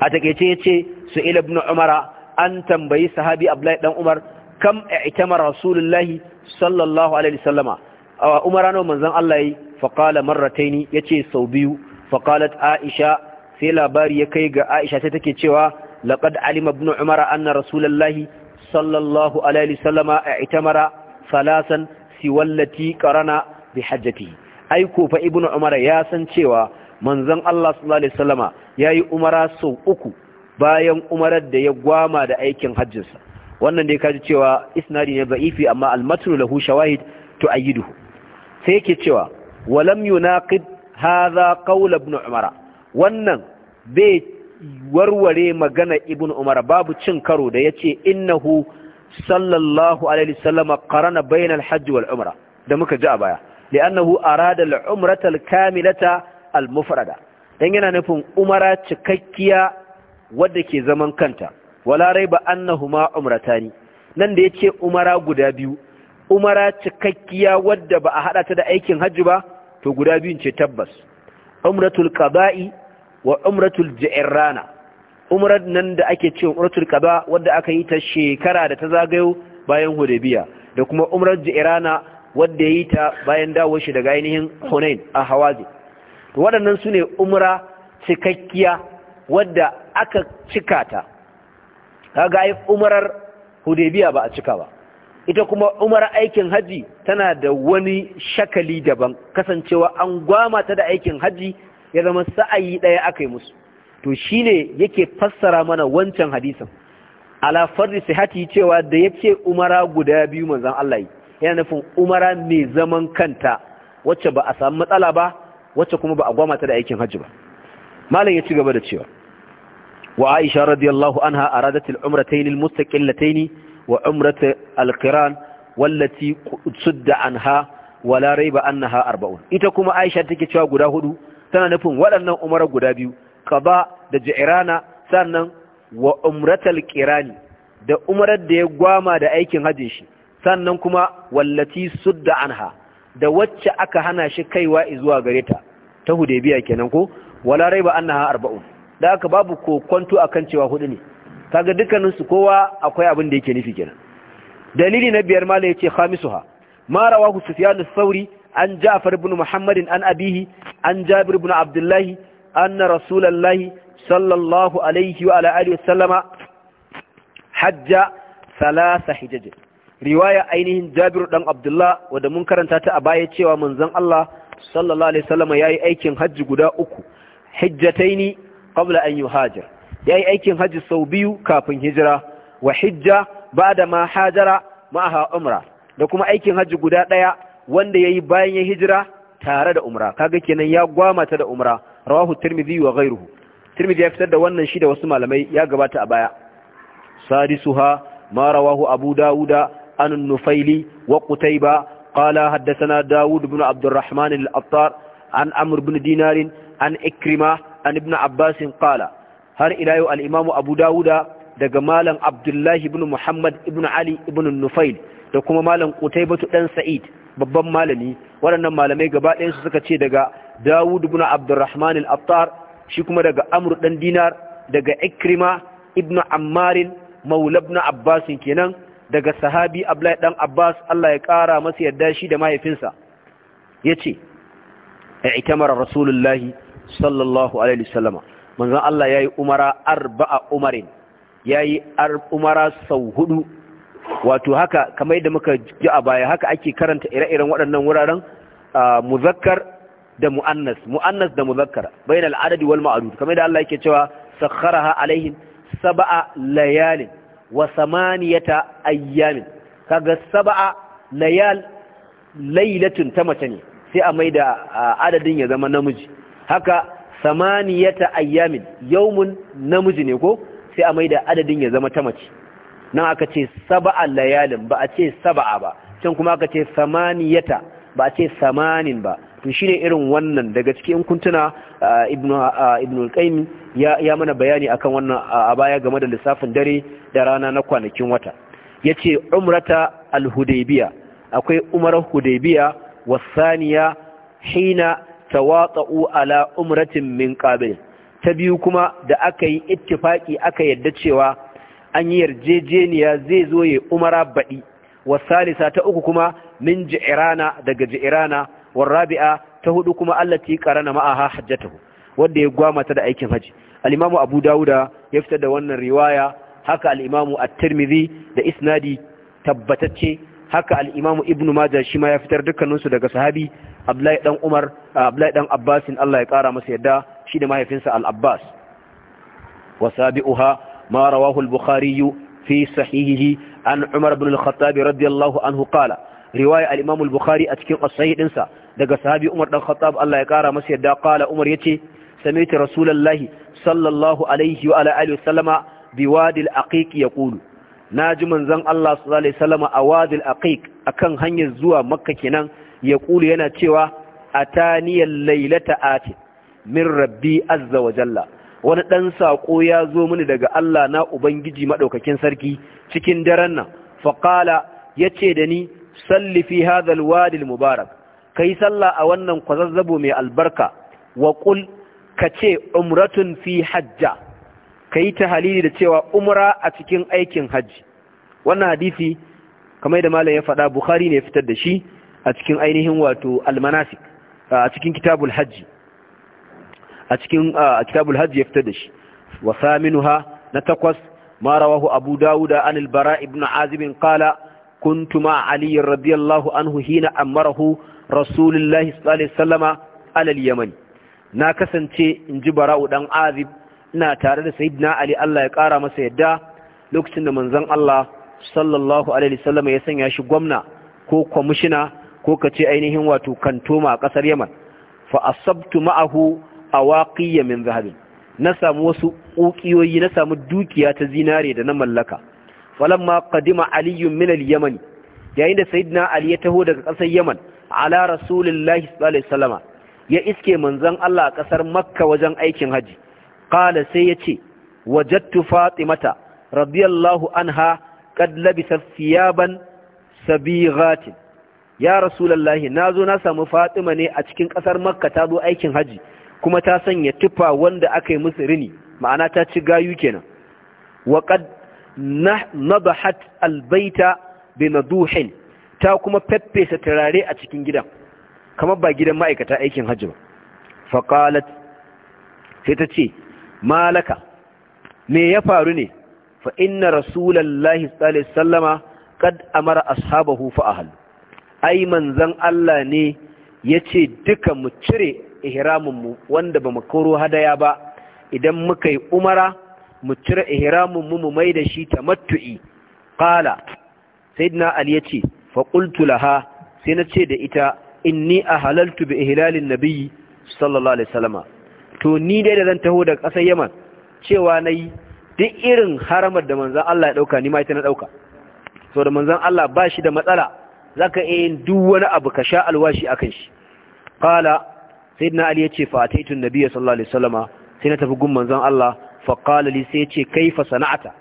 a takeice yace su'il ibn umara an tambayi sahabi abdullahi dan umar kam i'tamara rasulullahi sallallahu alaihi wasallama umara no manzon Allah yi fa qala marrataini yace sau biyu fa qalat aisha sai labari ya kai ga aisha sai take cewa laqad alima ibn umara anna rasulullahi sallallahu alaihi wasallama i'tamara salasan siwallati qarana bi hajjatihi aiko fa ibnu umara ya san cewa manzon Allah sallallahu alaihi wasallama yayi umara sau uku bayan umarar da ya gwama da aikin hajjinsa wannan dai kaji cewa isnadi ne da'ifi amma al-matnu lahu shawahid tu'ayyiduhu sai yake cewa walam yunaqid hadha qawl ibn umara wannan bai warware magana ibn umar babu cin karo da yace innahu sallallahu alaihi wasallama qarana bainal hajj wal umra da muka ji a baya li'annahu arada al-umrata al-kamilata al-mufrada dan yana nufin umara cikakkiya wadda ke zaman kanta wala raiba annahuma ni. nan da yace umara guda biyu umara cikakkiya wadda ba a haɗa ta da aikin hajji ba to guda biyun ce tabbas umratul qada'i wa umratul ji'rana umrar nan da ake ce umratul qada wadda aka yi ta shekara da ta zagayo bayan hudaybiya da kuma umrar ji'rana Wadda ya yi ta bayan dawo shi daga ainihin hunain a hawazi waɗannan su ne umra cikakkiya wadda aka cika ta kaga ai umarar hudebiya ba a cika ba ita kuma umar aikin haji tana da wani shakali daban kasancewa an gwama ta da aikin haji ya zama sa'ayi ɗaya aka yi musu to shi ne yake fassara mana wancan hadisin ala farri sihati cewa da yace umara guda biyu manzon Allah yi yana nufin umara mai zaman kanta wacce ba a samu matsala ba wacce kuma ba a gwamata da aikin hajji ba malam ya ci gaba da cewa wa aisha radiyallahu anha aradatul umratayn almustaqillatayn wa umrat al wallati sudda anha wala rayba annaha arba'un ita kuma aisha take cewa guda hudu tana nufin waɗannan umara guda biyu kaba da ji'rana sannan wa umratal qirani da umarar da ya gwama da aikin hajjin shi sannan kuma wallati sudda anha da wacce aka hana shi kaiwa zuwa gare ta ta hudaybiya kenan ko wala raiba annaha arba'un da aka babu kokonto akan cewa hudu ne kaga dukkanin su kowa akwai abin da yake nufi kenan dalili na biyar mala yace khamisuha ma rawahu sufyan ath-thawri an ja'far ibn muhammad an abihi an jabir ibn abdullah anna rasulullahi sallallahu alaihi wa ala alihi hajja salasa hijaj riwaya ainihin jabiru dan abdullah wadda mun karanta ta a baya cewa manzon Allah sallallahu alaihi wasallam yayi aikin hajji guda uku hijjataini qabla an yuhajir yayi aikin hajji sau biyu kafin hijira wa hijja ba'da ma hajara ma'aha umra da kuma aikin hajji guda ɗaya, wanda yayi bayan ya hijira tare da umra kaga kenan ya gwamata da umra rawahu tirmidhi wa ghayruhu tirmidhi ya fitar da wannan shi wasu malamai ya gabata a baya sadisuha ma rawahu abu dauda عن النفيل وقتيبة قال حدثنا داود بن عبد الرحمن الأبطار عن عمرو بن دينار عن إكرمة عن ابن عباس قال هر إلى الإمام أبو daga malam Abdullahi ibn Muhammad ibn Ali ibn Nufail da kuma malam kutaibatu dan Sa'id babban malami waɗannan malamai gaba ɗayan su suka ce daga Dawud ibn Abdurrahman al shi kuma daga Amr dan Dinar daga Ikrima ibn Ammar maula ibn Abbas kenan daga sahabi Abdullahi dan Abbas Allah ya kara masa yadda shi da mahaifinsa Ya ce i'tamara rasulullahi sallallahu alaihi wasallama manzon Allah yayi umara arba'a umarin yayi umara sau hudu wato haka kamar yadda muka ji a baya haka ake karanta ire-iren waɗannan wuraren muzakkar da muannas muannas da muzakkar baina adadi wal ma'dud kamar yadda Allah yake cewa sakharaha alaihin saba'a layalin wa samaniyata ayyamin kaga sab'a layal lailatun ta mace ne sai a maida adadin ya zama namiji haka samaniyata ayyamin yawmun namiji ne ko sai a maida adadin ya zama ta mace nan aka ce sab'a layalin ba a ce sab'a ba can kuma aka ce samaniyata ba a ce samanin ba to shine irin wannan daga cikin kuntuna ibnu ibnu al qaymi ya mana bayani akan wannan a baya game da lissafin dare da rana na kwanakin wata yace umrata al-hudaybiya akwai umarar hudaybiya wasaniya hina tawata'u ala umratin min qabil ta biyu kuma da aka yi ittifaki aka yadda cewa an yi yarjejeniya zai zo ya umara baɗi wasalisa ta uku kuma min ji'irana daga ji'irana warabi'a ta hudu kuma allati qarana ma'aha hajjatahu wanda ya gwamata da aikin haji al abu dauda ya fitar da wannan riwaya haka al-imamu at-tirmidhi da isnadi tabbatacce haka al ibnu majah shi ma ya fitar dukkaninsu daga sahabi abdullahi dan umar abdullahi dan in Allah ya kara masa yadda shi da mahaifinsa al-abbas wa sabi'uha ma rawahu al-bukhari fi sahihihi an umar ibn al-khattab radiyallahu anhu qala riwaya al-imam al-bukhari a cikin as-sahih dinsa daga sahabi Umar dan Khattab Allah ya kara masa yadda qala Umar yace sami'tu rasulullahi sallallahu alaihi wa ala alihi wasallama bi wadi al-aqiq yaqulu naji manzon Allah sallallahu alaihi wasallama a wadi al-aqiq akan hanyar zuwa Makka kenan yaqulu yana cewa ataniya laylata ati min rabbi azza wa jalla wani dan sako ya zo mini daga Allah na ubangiji madaukakin sarki cikin daren nan faqala yace da ni salli fi hadha al-wadi al-mubarak kai sallah a wannan kwazazzabo mai albarka wa kul ka ce umratun fi hajja kai ta halili da cewa umra a cikin aikin hajji wannan hadisi kamar da malam ya faɗa bukhari ne fitar da shi a cikin ainihin wato almanasik a cikin kitabul hajji a cikin kitabul ya fitar da shi wa saminuha na takwas ma rawahu abu dawuda an albara ibn azib qala kuntu ma ali radiyallahu anhu hina amarahu rasulullahi sallallahu alaihi wasallama alal yamani na kasance in ji bara'u dan azib ina tare da sayyidina ali Allah ya kara masa yadda lokacin da manzon Allah sallallahu alaihi wasallama ya sanya shi gwamna ko kwamishina ko kace ainihin wato kantoma a kasar Yaman fa asabtu ma'ahu awaqiyya min zahabin na samu wasu ƙuƙiyoyi na samu dukiya ta zinare da na mallaka falamma qadima aliyu min al-yaman yayin da sayyidina ali ya taho daga ƙasar yaman ala rasulillahi sallallahu alaihi ya iske manzon Allah a kasar makka wajen aikin haji qala sai yace wajadtu fatimata radiyallahu anha qad labisat thiyaban sabighatin ya rasulullahi nazo na samu fatima ne a cikin kasar makka ta zo aikin haji kuma ta sanya tufa wanda aka yi musu rini ma'ana ta ci gayu kenan wa qad nadahat albayta bi naduhin ta kuma faffesa turare a cikin gidan kamar ba gidan ma'aikata aikin hajji ba faƙalat sai ta ce malaka me ya faru ne fa inna rasulallah sallallahu sallama kad amara ashabahu fa ahal ai manzon Allah ne yace duka mu cire ihramin mu wanda bamu koro hadaya ba idan muka yi umara mu cire ihramin mu mu mai da shi tamattu'i qala sayyidina ali yace faƙultu laha sai na ce da ita inni a halaltu bi ihlalin nabi sallallahu alaihi wasallama to ni dai da zan taho daga ƙasar yaman cewa na yi duk irin haramar da manzan Allah ya ɗauka ni ma ita na ɗauka so da manzan Allah ba shi da matsala za ka iya yin duk wani abu ka sha alwashi a kan shi ƙala sai na ali ya ce fataitun nabiya sallallahu alaihi wasallama sai na tafi gun manzan Allah fa sai ya ce kaifa sana'ata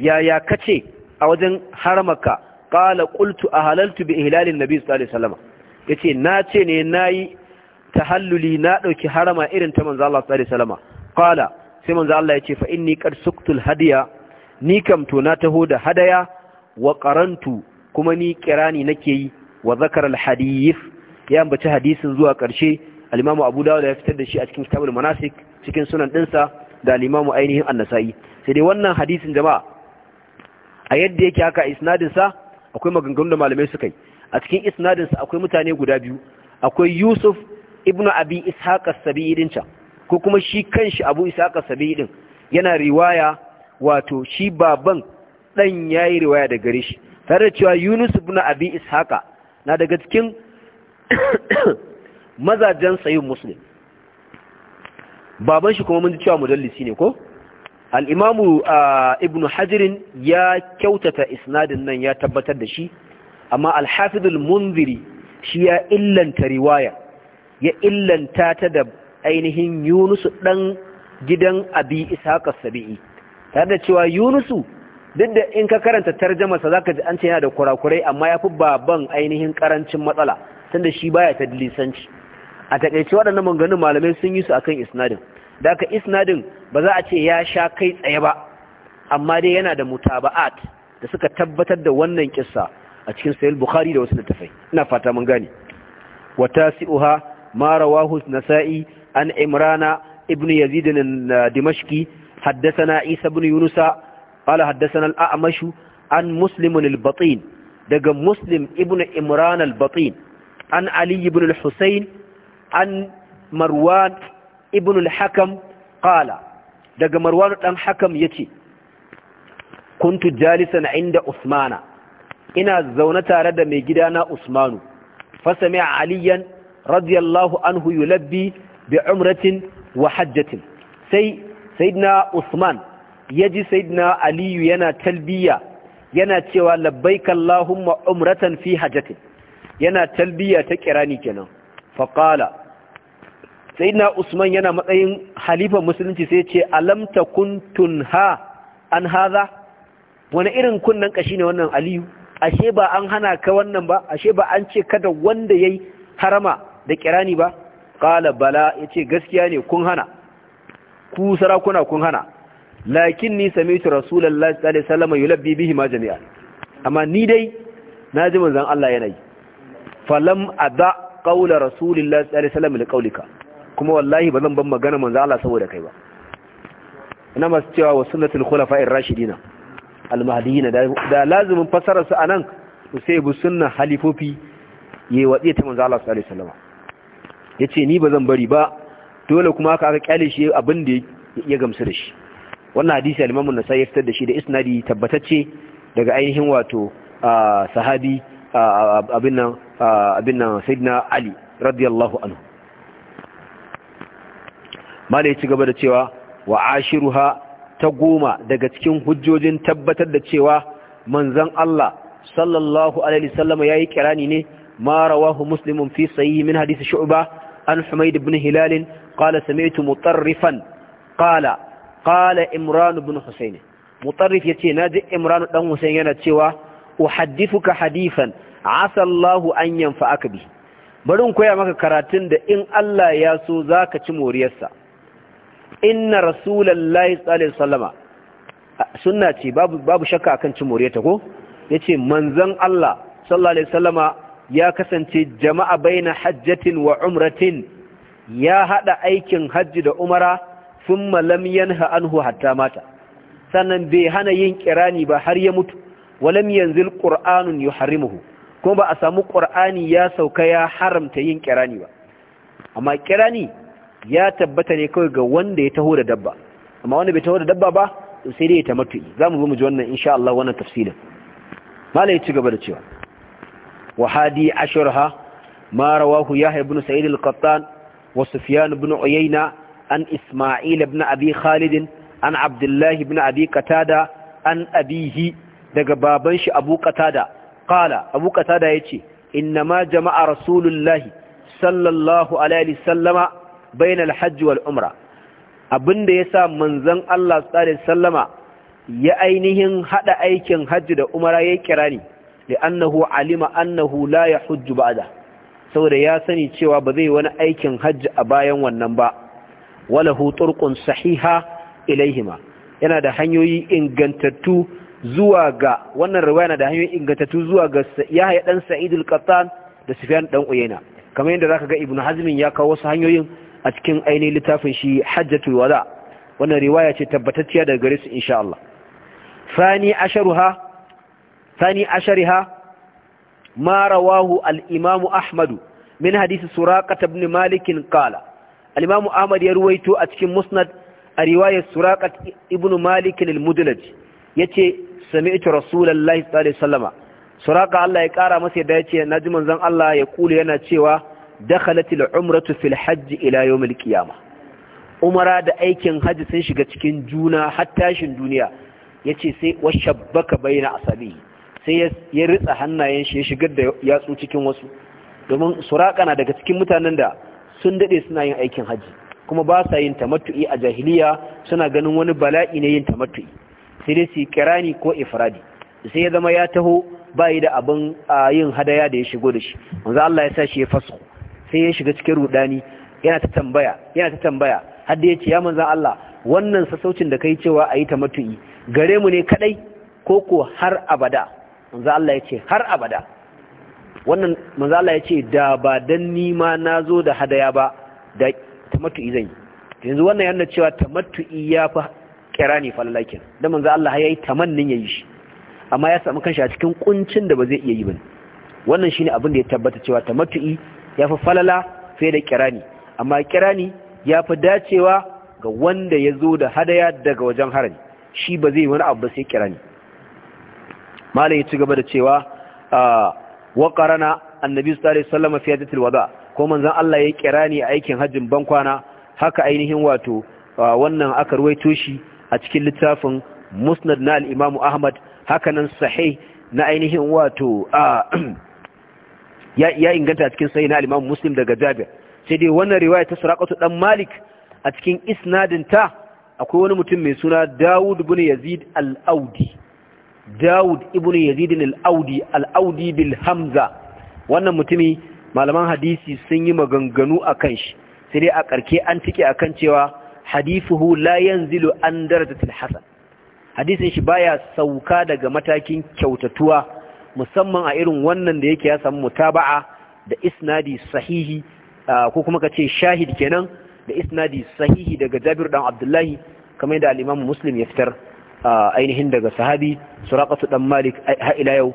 yaya kace a wajen haramarka qala qultu ahalaltu bi ihlalin nabi sallallahu alaihi wasallam yace na ce ne nayi tahalluli na dauki harama irin ta manzo Allah sallallahu alaihi wasallam qala sai manzo Allah yace fa inni qad suktul hadiya ni kam to na taho da hadaya wa qarantu kuma ni kirani nake yi wa zakara al ya ambaci hadisin zuwa karshe al-imamu abu dawud ya fitar da shi a cikin kitabul manasik cikin sunan dinsa da al-imamu ainihin an-nasa'i sai dai wannan hadisin jama'a a yadda yake haka isnadin sa akwai maganganun da malamai suka yi a cikin isnadin sa akwai mutane guda biyu akwai Yusuf ibnu Abi Ishaq as sabiidin ko kuma shi kanshi Abu Ishaq as sabiidin yana riwaya wato shi baban dan yayi riwaya da gare shi tare da cewa Yunus ibnu Abi Ishaq na daga cikin mazajen sayyid Muslim baban shi kuma mun ji cewa mudallisi ne ko al'imamu ibn hajirin ya kyautata isnadin nan ya tabbatar da shi amma alhafizul munziri shi ya illanta riwaya ya illanta ta da ainihin yunusu ɗan gidan abi ishaƙa sabi'i tare da cewa yunusu duk da in ka karanta tarjamasa za ka ji an ce yana da kurakurai amma ya fi baban ainihin ƙarancin matsala tunda shi baya ta dilisanci a takaice waɗannan maganganun malamai sun yi su akan isnadin da aka isnadin ba za a ce ya sha kai tsaye ba amma dai yana da mutaba'at da suka tabbatar da wannan kissa a cikin sahih bukhari da wasu littafai ina fata mun gane wa tasi'uha ma rawahu nasa'i an imrana ibn yazid dimashqi haddathana isa ibn yunus qala haddathana al-a'mash an muslim al-batin daga muslim ibn imran al-batin an ali ibn al-husayn an marwan ibn al-hakam qala daga marwan dan hakam yace kuntu jalisan inda usmana ina zaune tare da mai na usmanu fa sami'a aliyan radiyallahu anhu yulabbi bi umratin wa hajjatin sai sayyidina usman yaji sayyidina aliyu yana talbiya yana cewa labbaik allahumma umratan fi hajjatin yana talbiya ta kirani kenan fa qala na usman yana matsayin halifar musulunci sai ce alamta kuntun ha an haza wani irin kunnan kashi ne wannan aliyu ashe ba an hana ka wannan ba ashe ba an ce kada wanda yayi harama da kirani ba qala bala yace gaskiya ne kun hana ku sarakuna kun hana lakinni sami'tu rasulullahi sallallahu alaihi wasallam yulabbi bihi ma jami'a amma ni dai na ji manzon Allah yana yi falam ada qawla rasulillahi sallallahu alaihi wasallam liqaulika kuma wallahi ba zan ban magana manzo Allah saboda kai ba ina masu cewa wa sunnatul khulafa'ir rashidina al mahdiina da lazumin fasarar su anan to sai bu sunnan halifofi yayi wadi ta manzo Allah sallallahu alaihi wasallam yace ni ba zan bari ba dole kuma haka aka kyale shi abin da ya gamsu da shi wannan hadisi al-Imam an-Nasa'i ya fitar da shi da isnadi tabbatacce daga ainihin wato sahabi abin nan abin nan sayyidina Ali radiyallahu anhu mala ya ci gaba da cewa wa ashiruha ta goma daga cikin hujjojin tabbatar da cewa manzan Allah sallallahu alaihi ya yayi kirani ne ma rawahu muslimun fi sayi min hadisi shu'ba an humayd ibn hilal qala sami'tu mutarrifan qala qala imran ibn husayn mutarrif yace na ji imran dan husayn yana cewa uhaddithuka hadifan asa Allahu an yanfa'aka bi bari in koya maka karatun da in Allah ya so zaka ci moriyarsa inna rasulallahi sallallahu sallama sunna ce babu babu shakka akan cin moriyarta ko yace manzon Allah sallallahu alaihi ya kasance jama'a baina hajjatin wa umratin ya hada aikin hajji da umara thumma lam yanha anhu hatta mata sannan bai hana yin kirani ba har ya mutu walam yanzil qur'anun yuharrimuhu kuma ba a samu qur'ani ya sauka ya haramta yin kirani ba amma kirani ya tabbata ne kawai ga wanda ya taho da dabba amma wanda bai taho da dabba ba sai dai ya tamattu za mu zo mu ji wannan insha Allah wannan tafsilin malai ci gaba da cewa wa hadi ashurha ma rawahu yahya ibn sa'id al-qattan wa sufyan ibn uyayna an isma'il ibn abi khalid an abdullah ibn abi qatada an abihi daga baban shi abu qatada qala abu qatada yace inna ma jama'a rasulullahi sallallahu alaihi wasallama bainal hajj wal umra abinda yasa manzon Allah sallallahu alaihi wasallama ya ainihin hada aikin hajji da umara yayi kirani li'annahu alima annahu la yahujju ba'da saboda ya sani cewa ba zai wani aikin hajji a bayan wannan ba walahu turqun sahiha ilaihima yana da hanyoyi ingantattu zuwa ga wannan riwaya na da hanyoyi ingantattu zuwa ga Yahya dan Sa'id al-Qattan da Sufyan dan Uyayna kamar yadda zaka ga Ibn Hazm ya kawo wasu hanyoyin a cikin ainihin littafin shi hajjatul wada wannan riwaya ce tabbatacciya daga gare su insha Allah thani asharuha thani ashariha ma rawahu al-imam ahmad min hadith suraqah ibn malik qala al-imam ahmad ya ruwaito a cikin musnad a riwayar suraqah ibn malik al-mudlaj yace sami'tu rasulullahi sallallahu alaihi wasallama suraqah Allah ya kara masa yadda yace naji manzon Allah ya kula yana cewa دخلت umratu في الحج إلى يوم القيامة umara da aikin hajji sun shiga cikin juna har tashin duniya yace sai washabbaka baina sai ya ritsa hannayen shi ya shigar da yatsu cikin wasu domin suraka na daga cikin mutanen da sun dade suna yin aikin hajji kuma ba sa yin tamattu'i a jahiliya suna ganin wani bala'i ne yin tamattu'i sai dai su kirani ko ifradi sai ya zama ya taho bayi da abin yin hadaya da ya shigo da shi manzo Allah ya sa shi ya fasu sai ya shiga cikin rudani yana ta tambaya yana ta tambaya har da yace ya manzan Allah wannan sassaucin da kai cewa ayi ta matu'i gare mu ne kadai ko ko har abada manzan Allah yace har abada wannan manzan Allah yace da ba dan ni ma nazo da hadaya ba da tamattu'i zan yi yanzu wannan yana cewa ta matu'i ya fa kirani fa lalakin. Dan manzo Allah ya yi tamannin ya yi shi amma ya samu kanshi a cikin kuncin da ba zai iya yi ba wannan shine abin da ya tabbata cewa ta matu'i. ya fi falala fiye da kirani amma kirani ya fi dacewa ga wanda ya zo da hadaya daga wajen harin, shi ba zai wani abu ba sai kirani malam ya ci gaba da cewa ah, wa annabi sallallahu alaihi wasallam fi hajjatil wada ko manzon Allah ya kirani a aikin hajjin bankwana haka ainihin wato ah, wannan aka ruwaito shi a cikin littafin musnad na al-imamu ahmad nan sahih na ainihin wato a. Ah, ya inganta a cikin sai na Imam Muslim daga Jabir sai dai wannan riwaya ta surakatu dan Malik a cikin isnadinta akwai wani mutum mai suna Dawud ibn Yazid al-Audi Dawud ibn Yazid al-Audi al-Audi bil Hamza wannan mutumi malaman hadisi sun yi maganganu akan shi sai dai a karke an tike akan cewa hadithuhu la yanzilu an darajatil hasan hadisin shi baya sauka daga matakin kyautatuwa musamman a irin wannan da yake ya samu mutaba'a da isnadi sahihi ko kuma ka ce shahid kenan da isnadi sahihi daga Jabir dan Abdullahi kamar da al-Imam Muslim ya fitar ainihin daga sahabi Suraqatu dan Malik ha ila yau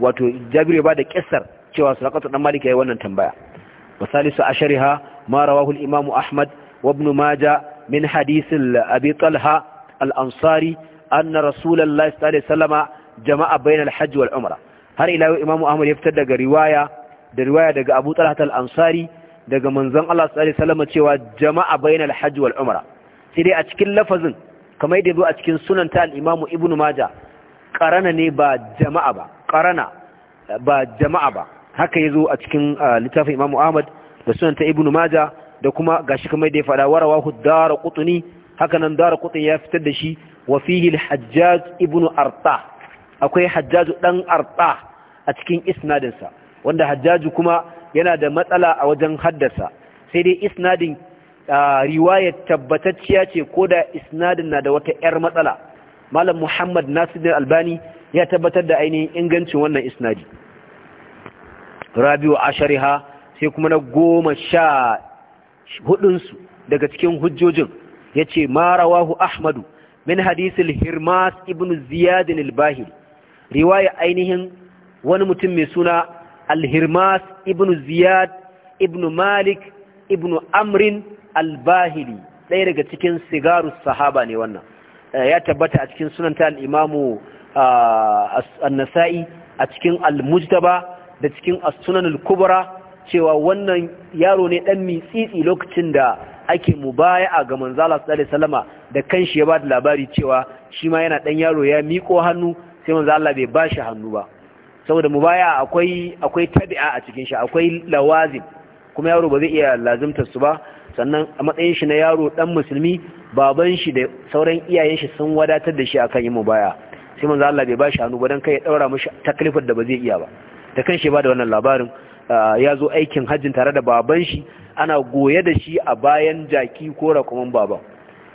wato Jabir ya bada kissar cewa Suraqatu dan Malik yayi wannan tambaya wasalisu ashariha ma rawahu al-Imam Ahmad wa Ibn Majah min hadith Abi Talha al-Ansari anna Rasulullahi sallallahu alaihi wasallam jama'a bayan hajj wal umra har ila imamu ahmad ya fitar daga riwaya da riwaya daga abu talhat al ansari daga manzon Allah sallallahu alaihi wasallam cewa jama'a bayan hajj wal umra sai dai a cikin lafazin kamar yadda a cikin sunan ta imamu ibnu maja qarana ne ba jama'a ba qarana ba jama'a ba haka yazo a cikin littafin imamu ahmad da sunan ta ibnu maja da kuma gashi kamar da ya faɗa warawahu dara qutni haka nan dara qutni ya fitar da shi wa fihi hajjaj ibnu arta akwai hajjaju ɗan arɗa a cikin isnadinsa wanda hajjaju kuma yana da matsala a wajen haddasa sai dai isnadin riwayar tabbatacciya ce ko da isnadin na da wata 'yar matsala malam muhammad nasirin albani ya tabbatar da ainihin ingancin wannan isnadi rabiu shariha sai kuma na goma sha hudunsu daga cikin hujjojin ya ce Marawahu ahmadu min hadisul hirmas ibn ziyadin albahiri riwaya ainihin wani mutum mai suna alhirmas ibn ziyad ibn malik ibn amrin albahili ɗaya daga cikin sigarus sahaba ne wannan eh, ya tabbata a cikin sunanta al'imamu ah, annasa'i a cikin almujtaba da cikin al kubra cewa wannan yaro ne ɗan mitsitsi lokacin da ake a ga manzala salama da kan da kanshi ya ba da labari cewa shi ma yana ɗan yaro ya miƙo hannu sai manzo Allah bai bashi hannu ba saboda mubaya akwai akwai tabi'a a cikin shi akwai lawazim kuma yaro ba zai iya lazimtar su ba sannan a matsayin shi na yaro dan musulmi baban shi da sauran iyayen shi sun wadatar da shi akan yin mubaya sai manzo Allah bai bashi hannu ba dan kai ya daura mishi taklifar da ba zai iya ba da kanshi ba da wannan labarin ya zo aikin hajjin tare da baban shi ana goye da shi a bayan jaki ko rakuman baba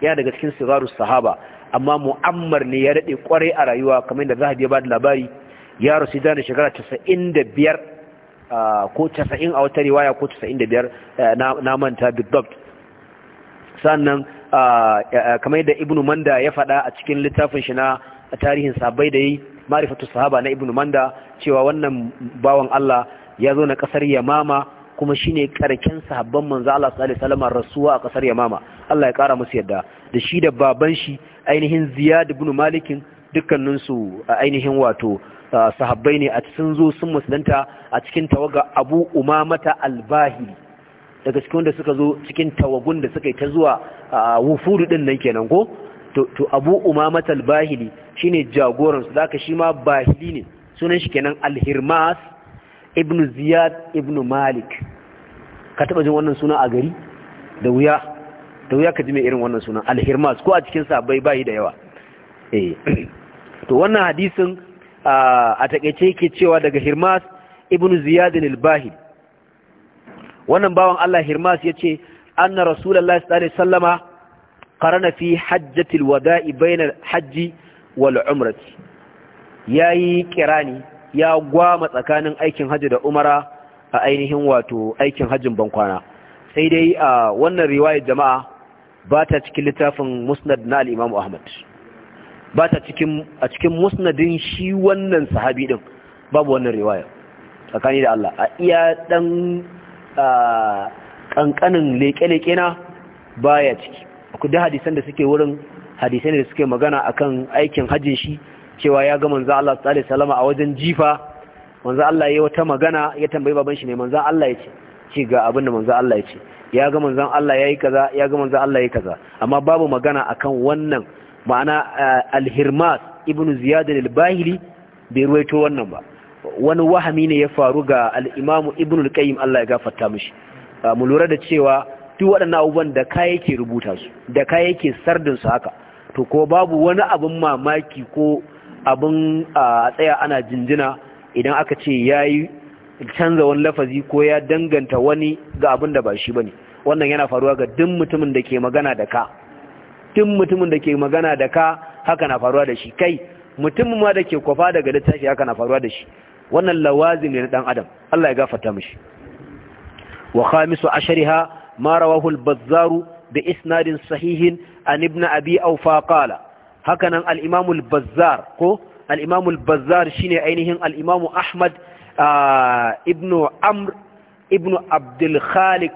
ya daga cikin sigaru sahaba amma mu'ammar ne ya daɗe kwarai a rayuwa kamar da zahabi ya ba da labari ya rasu da shekara 95 ko 90 a wata riwaya ko 95 eh, na manta bidobt sannan kamar da ibnu manda ya faɗa a cikin littafin shi na tarihin sabai da yi marifatu sahaba na ibnu manda cewa wannan bawan Allah ya zo na ƙasar yamama kuma shine karken sahabban manzo Allah sallallahu alaihi wasallam rasuwa a kasar Yamama Allah ya kara musu yadda da shi da baban shi ainihin Ziyad ibn Malik dukkanin su ainihin wato sahabbai ne a sun zo sun musulunta a cikin tawaga Abu Umamata al-Bahili daga cikin wanda suka zo cikin tawagun da suka yi ta zuwa wufudu din nan kenan ko to Abu Umamata al-Bahili shine jagoran su zaka shi ma Bahili ne sunan shi kenan al-Hirmas ibn ziyad ibn malik ka taba jin wannan suna a gari da wuya da wuya ka ji mai irin wannan suna alhirmas ko a cikin sabai bayi da yawa eh. to wannan hadisin a takeice yake cewa daga hirmas ibn ziyad al-bahi wannan bawan Allah hirmas yace anna rasulullahi sallallahu alaihi wasallama qarana fi hajjatil wada'i bainal hajji wal umrati yayi kirani ya gwama tsakanin aikin hajji da umara a ainihin wato aikin hajjin bankwana sai dai a wannan riwayar jama'a ba ta cikin littafin musnad na al'imamu ahmad ba ta cikin a cikin musnadin shi wannan sahabi din babu wannan riwaye. tsakani da Allah a iya dan kankanin leke-leke na baya ciki akwai da hadisan da suke wurin hadisai da suke magana akan aikin hajji shi cewa ya ga manzo Allah sallallahu alaihi wasallam a wajen jifa manzo Allah yayi wata magana ya tambayi baban shi ne manzo Allah ya ce ci ga abin da manzo Allah ya ce ya ga manzo Allah yayi kaza ya ga manzo Allah yayi kaza amma babu magana akan wannan ma'ana eh, al-Hirmas ibn Ziyad al-Bahili bai ruwaito wannan ba wani wahami ne ya faru ga Al'imamu imam Ibn al-Qayyim Allah ya gafarta mishi ah, mu lura da cewa duk waɗannan abubuwan da ka yake rubuta su da ka yake sardin su haka to ko babu wani abin mamaki ko abin a tsaya ana jinjina idan aka ce ya yi canza wani lafazi ko ya danganta wani ga abin da ba shi ba ne wannan yana faruwa ga duk mutumin da ke magana da ka duk mutumin da ke magana da ka haka na faruwa da shi kai mutumin ma da ke kwafa daga littafi haka na faruwa da shi wannan lawazi ne na dan adam Allah ya gafarta mishi wa khamisu ashariha ma rawahu al bazzaru bi isnadin sahihin an ibn abi awfa qala hakanan al'imamul bazzar ko al'imamul bazzar shine ainihin al'imamu ahmad ibnu amr ibnu abdulkhalik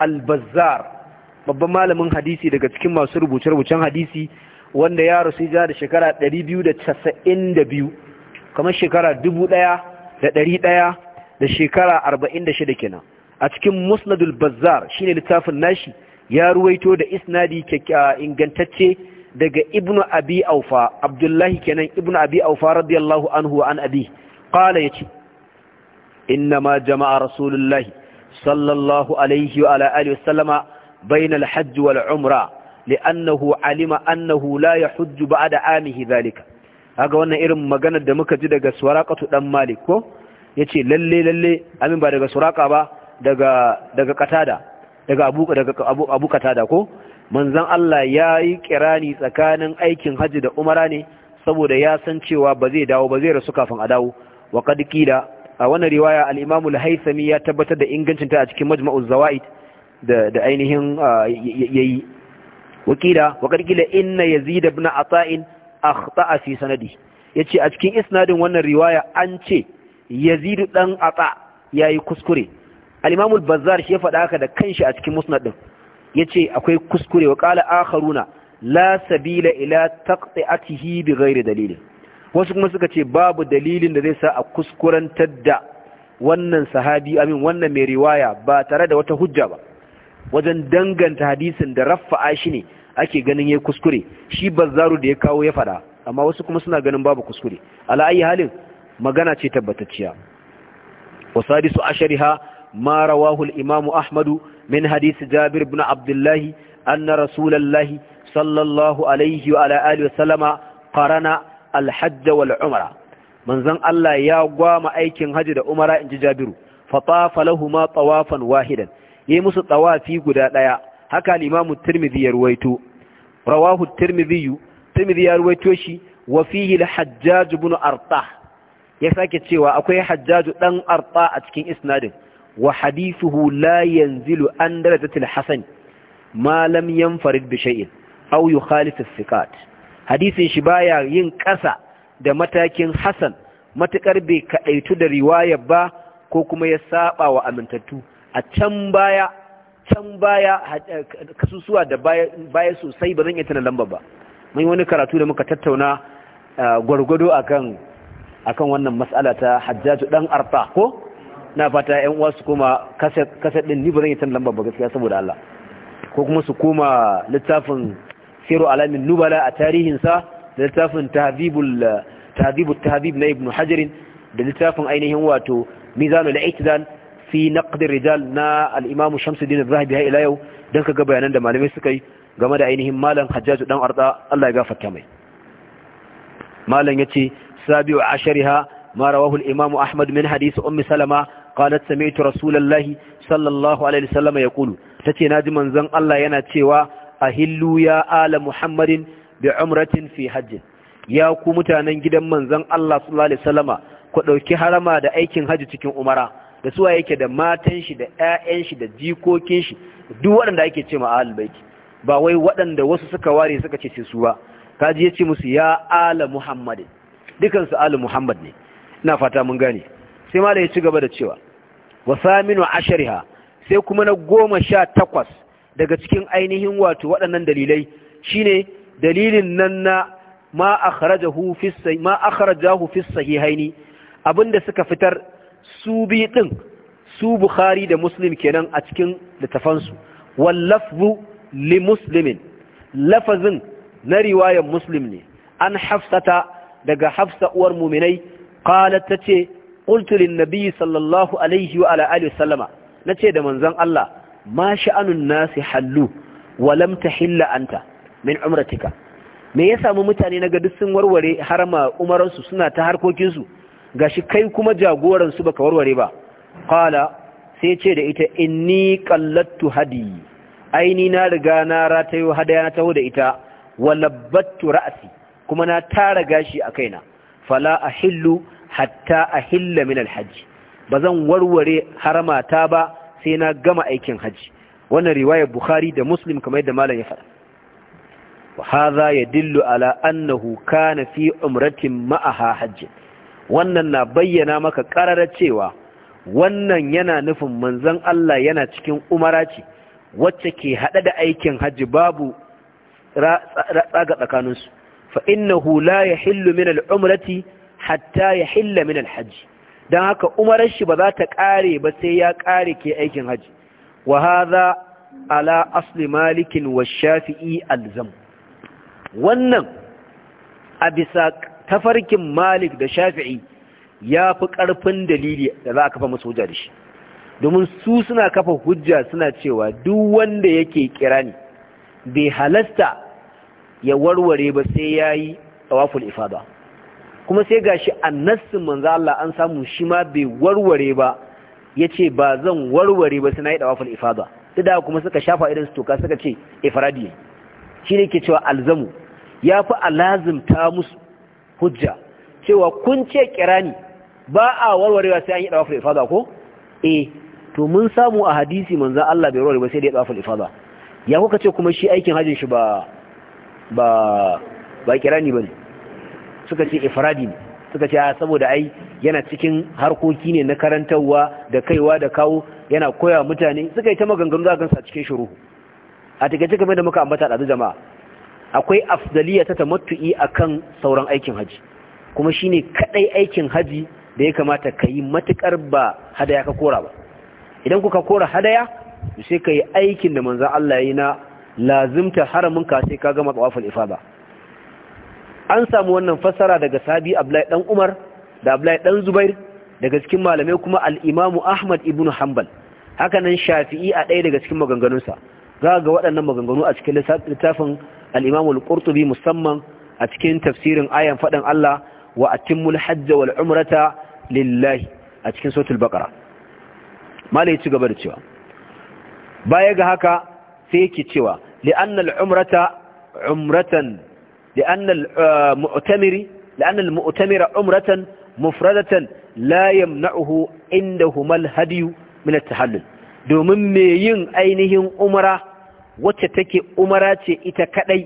al-bazzar babban malamin hadisi daga cikin masu rubuce-rubucen hadisi wanda ya rasu ya da shekara 292 kamar shekara 1000 da ɗaya da shekara 46 kenan a cikin musnadul bazzar shine littafin nashi ya ruwaito da isnadi ingantacce daga ibnu abi aufa abdullahi kenan ibnu abi aufa radiyallahu anhu wa an abi qala yace ma jama'a rasulullahi sallallahu alaihi wa ala alihi wasallama bayna alhajj wal umra li'annahu alima annahu la yahujju ba'da amihi dhalika kaga wannan irin magana da muka ji daga suraqatu dan malik ko yace lalle lalle amin ba daga suraqa ba daga daga katada daga abu daga abu katada ko Manzan Allah ya yi kirani tsakanin aikin hajji da umara ne saboda ya san cewa ba zai dawo ba zai rasu kafin a dawo wa kadiki da a wannan riwaya Alimamul Haisami al ya tabbatar da ingancinta a cikin Majma'uz Zawaid da da ainihin yayi wakila wa qad da na Yazid ibn Ata'in akhta'a fi sanadi ya ce a cikin isnadin wannan riwaya an ce Yazid dan ya yi kuskure al-Imam al-Bazzar shi ya faɗa haka da kanshi a cikin Musnad din Ya ce akwai kuskure wa qala akharuna la sabila ila taqti'atihi bighairi dalil wasu kuma suka ce babu dalilin da zai sa a kuskurantar da wannan sahabi amin wannan mai riwaya ba tare da wata hujja ba wajen danganta hadisin da raffa'a shi ne ake ganin ya kuskure shi bazzaru da ya kawo ya fada amma wasu kuma suna ganin babu kuskure ala ayi halin magana ce tabbatacciya wasadisu ashariha ma rawahu al-imam ahmadu من حديث جابر بن عبد الله أن رسول الله صلى الله عليه وعلى آله وسلم قرن الحج والعمرة من زن الله يا قوام أيكين هجد عمرة إنج جابر فطاف لهما طوافا واحدا يمس طوافي قد لا هكا الإمام الترمذي يرويته رواه الترمذي الترمذي يرويته شي وفيه الحجاج بن أرطاح ya sake cewa akwai hajjaju ɗan arta a cikin isnadin wa hadithuhu la yanzilu an darajatil hasan ma lam yanfarid bi shay'in aw yukhalif as-siqat hadisin shi baya yin ƙasa da matakin hasan matukar bai kadaitu da riwaya ba ko kuma ya saba wa amintattu a can baya can baya kasusuwa da baya sosai ba zan iya tana lamba ba mun wani karatu da muka tattauna ah, gwargwado akan akan wannan mas'ala ta hajjaju dan arfa ko na fata yan uwa su koma kaset din ni ba zan yi tan lamba ba gaskiya saboda Allah ko kuma su koma littafin siru alamin nubala a tarihin sa da littafin tahabibul tahabib tahdhib na ibn hajar da littafin ainihin wato mizanul i'tidal fi naqd rijal na al-imam Shamsuddin az-Zahabi ha ila yau dan kaga bayanan da malamai suka yi game da ainihin malam Hajjaj dan Arda Allah ya gafarta mai malam yace sabiu ashariha ma rawahu al-imam Ahmad min hadisu ummi Salama qalat sami'tu rasulullahi sallallahu alaihi wasallam ce na ji manzon Allah yana cewa ahillu ya ala muhammadin bi umratin fi ya ku mutanen gidan manzon Allah sallallahu ku ɗauki harama da aikin hajji cikin umara da suwa yake da matan shi da ƴaƴan shi da jikokin shi duk waɗanda ake cewa ahlul ba wai waɗanda wasu suka ware suka ce sai su ba kaji yace musu ya ala muhammadin dukansu alu muhammad ne ina fata mun gane sai ma ya ci gaba da cewa wa saminu ashariha sai kuma na goma sha takwas daga cikin ainihin wato waɗannan dalilai shi ne dalilin nan na ma akhrajahu fi ma abinda suka fitar su bi ɗin su bukhari da muslim kenan a cikin littafansu wallafu li muslimin lafazin na riwayar muslim ne an hafsata daga hafsa uwar muminai qalat tace qultu lin sallallahu alaihi wa ala wa sallama nace da manzon Allah ma sha'anun nasi hallu wa lam tahilla anta min me ya samu mutane na duk sun warware harama umaransu suna ta harkokinsu? gashi kai kuma jagoransu ba baka warware ba qala sai ce da ita in ni qallattu hadi aini na riga na ratayo hadaya na taho da ita wa labbattu ra'si kuma na tara gashi a kaina fala a ahillu hatta a hilla min alhaji bazan warware haramata ba sai na gama aikin haji wannan riwayar bukhari da muslim kamar yadda malam ya faɗa wa hadha yadullu ala annahu kana fi umratin ma'aha hajji wannan na bayyana maka karara cewa wannan yana nufin manzon Allah yana cikin umara ce wacce ke haɗe da aikin hajji babu tsaga tsakaninsu fa innahu la yahillu min al-umrati hatta ya hilla min alhaji don haka umarar shi ba za ta ƙare ba sai ya ƙare ke aikin haji wa haza ala asli malikin wa shafi'i alzam wannan a bisa tafarkin malik da shafi'i ya fi ƙarfin dalili da za a kafa masu hujja da shi domin su suna kafa hujja suna cewa duk wanda yake ni bai halasta ya warware ba sai ya yi tsawaful ifada kuma sai gashi annassin manzo Allah an samu shi ma bai warware ba yace ba zan warware ba sai yi dawaful ifada da kuma suka shafa irin su toka suka ce ifradi shi ne ke cewa alzamu ya fi alazimta musu hujja cewa kun ce kirani ba a warwarewa sai an yi dawaful ifada ko eh to mun samu a hadisi manzo Allah bai warware ba sai da ya ifada ya kuka ce kuma shi aikin hajjin shi ba ba ba kirani bane suka ce ifradi ne suka ce saboda ai yana cikin harkoki ne na karantarwa da kaiwa da kawo yana koya mutane suka yi ta maganganu za a gansa cikin shiru a takaice game da muka ambata ɗazu jama'a akwai afdaliya ta tamattu'i kan sauran aikin haji kuma shine kaɗai aikin haji da ya kamata ka yi matukar ba hadaya ka kora ba idan kuka kora hadaya sai ka yi aikin da manzan Allah ya yi na lazimta haramun ka sai ka gama tsawafin ifada an samu wannan fassara daga sabi Abdullahi dan Umar da Abdullahi dan Zubair daga cikin malamai kuma Al'imamu Ahmad ibn Hanbal haka nan Shafi'i a ɗaya daga cikin maganganunsa za ga waɗannan maganganu a cikin littafin al al-Qurtubi musamman a cikin tafsirin ayan faɗin Allah wa atimmul hajja wal umrata lillahi a cikin suratul baqara malai ci gaba da cewa baya ga haka sai yake cewa li'anna al-umrata umratan لأن mu'utamira umratan, المؤتمر عمرة مفردة لا يمنعه عندهما الهدي من التحلل domin mai yin ainihin umara wacce take umara ce ita kadai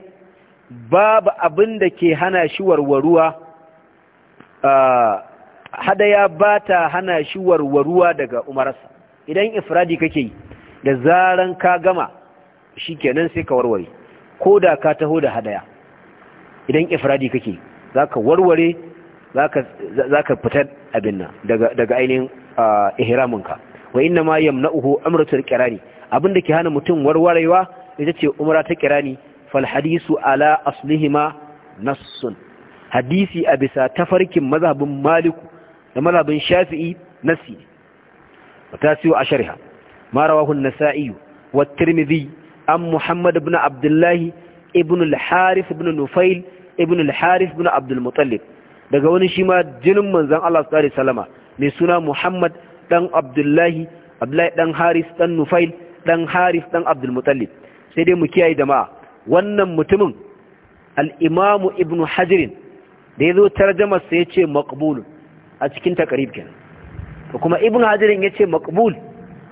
babu abin da ke hana shi warwaruwa hadaya ba ta hana shi warwaruwa daga umararsa idan ifradi kake yi da zaran ka gama shi kenan sai ka warware ko da ka taho da hadaya idan ifradi kake zaka warware zaka fitar abin nan daga daga ainihin ihraminka wa inna ma yamna'uhu umratul qirani abinda ke hana mutum warwarewa ita ce umra ta qirani fal hadisu ala aslihima nassun hadisi a bisa tafarkin mazhabin maliku da mazhabin shafi'i nassi وتاسع عشرها ما رواه النسائي والترمذي عن محمد بن عبد الله ibn al-harith ibn nufail ibn al-harith ibn abdul daga wani shi ma jinin manzon Allah sallallahu alaihi wasallama mai suna muhammad dan abdullahi abdullahi dan haris dan nufail dan haris dan abdul muttalib sai dai mu kiyaye jama'a wannan mutumin al imam ibn hajar da yazo tarjumar sa yace maqbul a cikin takrib kenan kuma ibn ya ce maqbul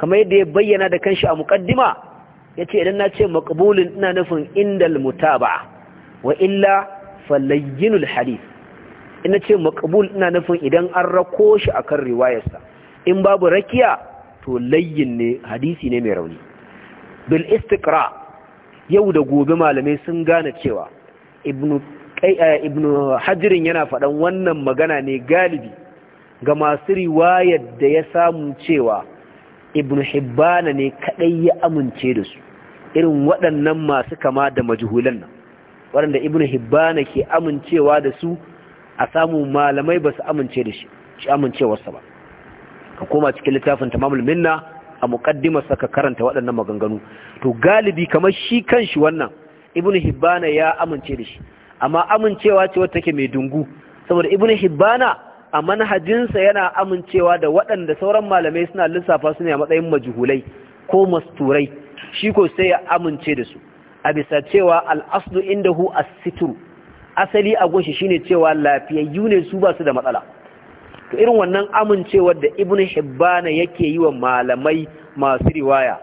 kamar yadda ya bayyana da kanshi a muqaddima Ya ce idan na ce makabulin ina nufin indal mutaba'a wa illa falayyinul hadith ina ce makabul ina nufin idan an rako shi a kan riwayarsa in babu rakiya to layyin ne hadisi ne mai rauni bil istikra yau da gobe malamai sun gane cewa ibnu eh, ibnu yana faɗan wannan magana ne galibi ga masu riwayar da ya samu cewa ibn hibbana ne kadai ya amince da su irin waɗannan masu kama da majhulan nan waɗanda ibn hibbana ke amincewa da su a samu malamai ba su amince da shi shi amincewarsa ba ka koma cikin littafin tamamul minna a muƙaddimarsa ka karanta waɗannan maganganu to galibi kamar shi kanshi wannan ibn hibbana ya amince da shi amma amincewa ce wata take mai dungu saboda ibn hibbana a manhajinsa yana amincewa da waɗanda sauran malamai suna lissafa su ne a matsayin majhulai ko masturai shi ko sai ya amince da su a bisa cewa al'aslu hu hu asituru, asali a goshi shine cewa lafiyayyu ne su ba su da matsala to irin wannan amincewar da Ibn hibbana yake yi wa malamai masu riwaya